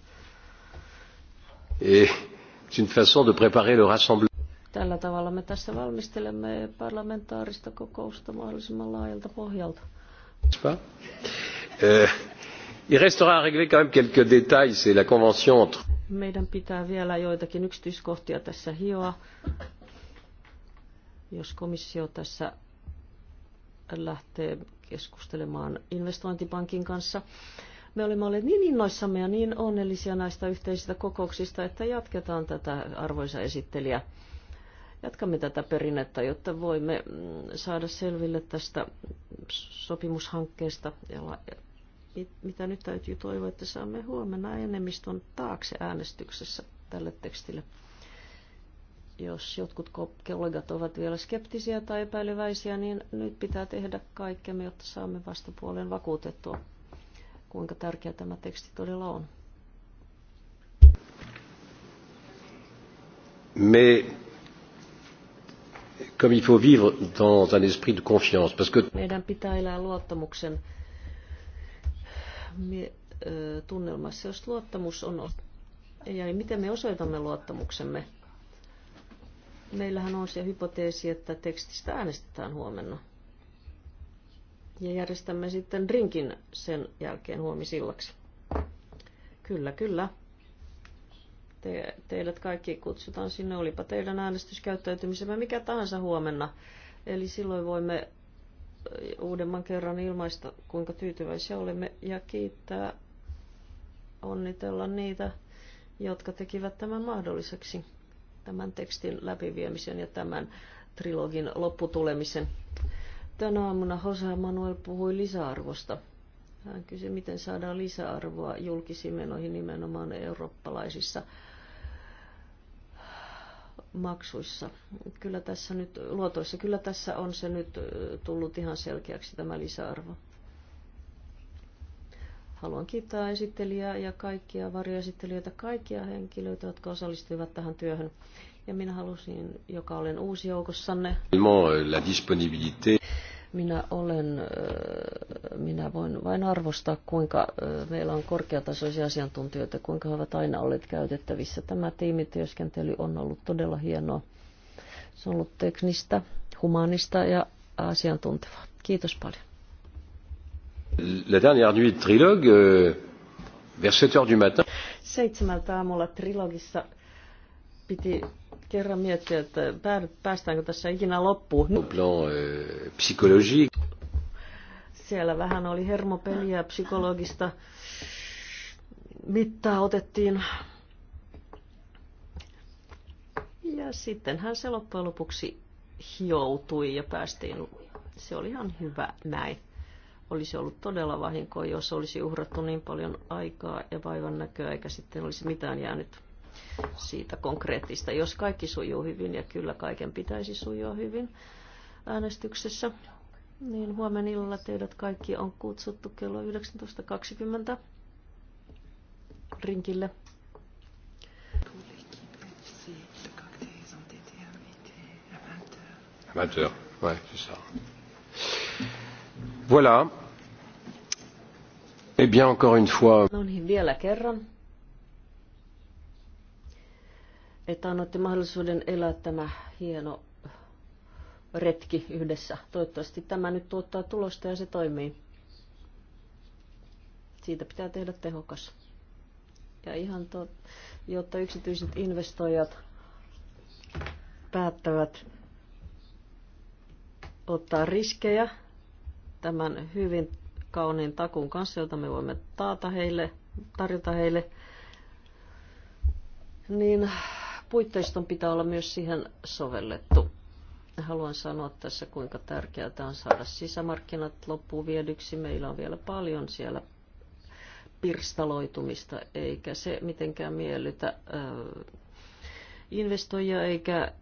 Et c'est une façon de préparer le rassemblement. Tällä tavalla me tässä valmistelemme parlamentaarista kokousta mahdollisimman laajalta pohjalta. Eh, il restera à régler quand même quelques détails, c'est la convention entre... Meidän pitää vielä joitakin yksityiskohtia tässä hioa. Jos komissio tässä lähtee keskustelemaan investointipankin kanssa. Me olemme olleet niin innoissamme ja niin onnellisia näistä yhteisistä kokouksista, että jatketaan tätä arvoisa esittelijä jatkamme tätä perinnettä, jotta voimme mm, saada selville tästä sopimushankkeesta, jolla, mitä nyt täytyy toivoa, että saamme huomenna enemmistön taakse äänestyksessä tälle tekstille. Jos jotkut kollegat ovat vielä skeptisiä tai epäileväisiä, niin nyt pitää tehdä kaikkemme, jotta saamme vastapuolen vakuutettua, kuinka tärkeä tämä teksti todella on. Me comme il faut vivre dans un esprit de confiance, parce que... Meidän pitää elää luottamuksen tunnelmassa, jos luottamus on... Ja miten me osoitamme luottamuksemme? Meillähän on se hypoteesi, että tekstistä äänestetään huomenna. Ja järjestämme sitten drinkin sen jälkeen huomisillaksi. Kyllä, kyllä. Te, teidät kaikki kutsutaan sinne, olipa teidän äänestyskäyttäytymisemme mikä tahansa huomenna. Eli silloin voimme uudemman kerran ilmaista, kuinka tyytyväisiä olemme ja kiittää, onnitella niitä, jotka tekivät tämän mahdolliseksi, tämän tekstin läpiviemisen ja tämän trilogin lopputulemisen. Tänä aamuna Jose Manuel puhui lisäarvosta. Hän kysyi, miten saadaan lisäarvoa julkisiin menoihin nimenomaan eurooppalaisissa maksuissa. Kyllä tässä nyt, luotoissa, kyllä tässä on se nyt tullut ihan selkeäksi tämä lisäarvo. Haluan kiittää esittelijää ja kaikkia varjoesittelijöitä, kaikkia henkilöitä, jotka osallistuivat tähän työhön. Ja minä halusin, joka olen uusi joukossanne, minä, olen, äh, minä voin vain arvostaa, kuinka äh, meillä on korkeatasoisia asiantuntijoita, kuinka he ovat aina olleet käytettävissä. Tämä tiimityöskentely on ollut todella hienoa. Se on ollut teknistä, humanista ja asiantuntevaa. Kiitos paljon. La dernière nuit de trilogue, euh, vers 7 heures du matin. Seitsemältä aamulla trilogissa piti kerran miettiä, että päästäänkö tässä ikinä loppuun. Plan, euh, psykologi. Siellä vähän oli hermopeliä psykologista mittaa otettiin. Ja sitten hän se loppujen lopuksi hioutui ja päästiin. Se oli ihan hyvä näin. Olisi ollut todella vahinko, jos olisi uhrattu niin paljon aikaa ja vaivan näköä, eikä sitten olisi mitään jäänyt siitä konkreettista, jos kaikki sujuu hyvin, ja kyllä kaiken pitäisi sujua hyvin äänestyksessä, niin huomenna illalla teidät kaikki on kutsuttu kello 19.20 rinkille. amateur. Voilà. Eh bien, encore une fois. Non, niin, vielä kerran. että annoitte mahdollisuuden elää tämä hieno retki yhdessä. Toivottavasti tämä nyt tuottaa tulosta ja se toimii. Siitä pitää tehdä tehokas. Ja ihan to, jotta yksityiset investoijat päättävät ottaa riskejä tämän hyvin kauniin takun kanssa, jota me voimme taata heille, tarjota heille, niin puitteiston pitää olla myös siihen sovellettu. Haluan sanoa tässä, kuinka tärkeää on saada sisämarkkinat loppuun viedyksi. Meillä on vielä paljon siellä pirstaloitumista, eikä se mitenkään miellytä investoijia eikä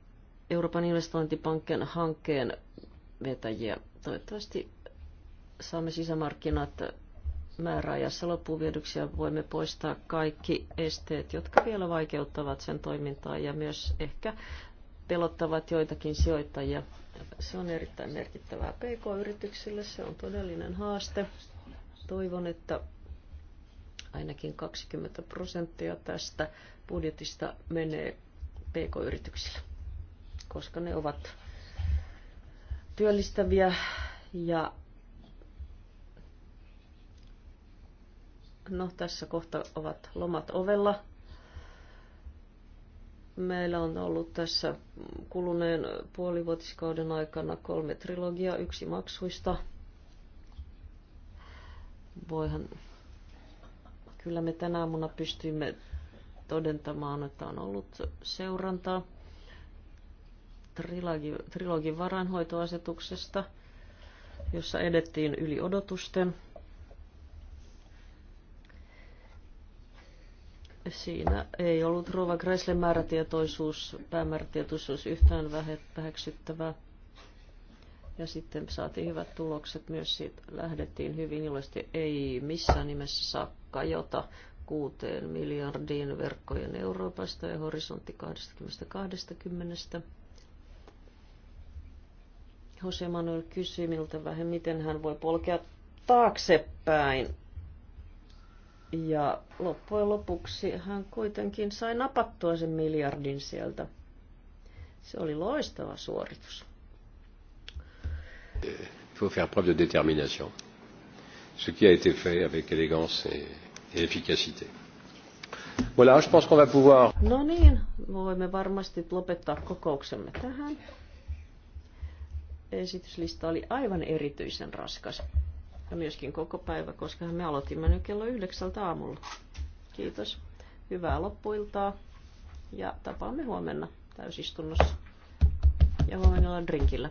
Euroopan investointipankin hankkeen vetäjiä. Toivottavasti saamme sisämarkkinat määräajassa loppuun viedyksi ja voimme poistaa kaikki esteet, jotka vielä vaikeuttavat sen toimintaa ja myös ehkä pelottavat joitakin sijoittajia. Se on erittäin merkittävää PK-yrityksille, se on todellinen haaste. Toivon, että ainakin 20 prosenttia tästä budjetista menee PK-yrityksille, koska ne ovat työllistäviä ja No tässä kohta ovat lomat ovella. Meillä on ollut tässä kuluneen puolivuotiskauden aikana kolme trilogia, yksi maksuista. Voihan, kyllä me tänä aamuna pystyimme todentamaan, että on ollut seurantaa trilogi, trilogin varainhoitoasetuksesta, jossa edettiin yli odotusten – Siinä ei ollut Rova Greslen määrätietoisuus, päämäärätietoisuus yhtään väheksyttävää. Ja sitten saatiin hyvät tulokset myös siitä. Lähdettiin hyvin iloisesti, ei missään nimessä saa kajota kuuteen miljardiin verkkojen Euroopasta ja horisontti 2020. Jose Manuel kysyi minulta vähän, miten hän voi polkea taaksepäin ja loppujen lopuksi hän kuitenkin sai napattua sen miljardin sieltä. Se oli loistava suoritus. Il faut faire preuve de détermination. Ce qui a été fait avec élégance et, et efficacité. Voilà, je pense qu'on va pouvoir... No niin, voimme varmasti lopettaa kokouksemme tähän. Esityslista oli aivan erityisen raskas ja myöskin koko päivä, koska me aloitimme nyt kello yhdeksältä aamulla. Kiitos. Hyvää loppuiltaa ja tapaamme huomenna täysistunnossa ja huomenna drinkillä.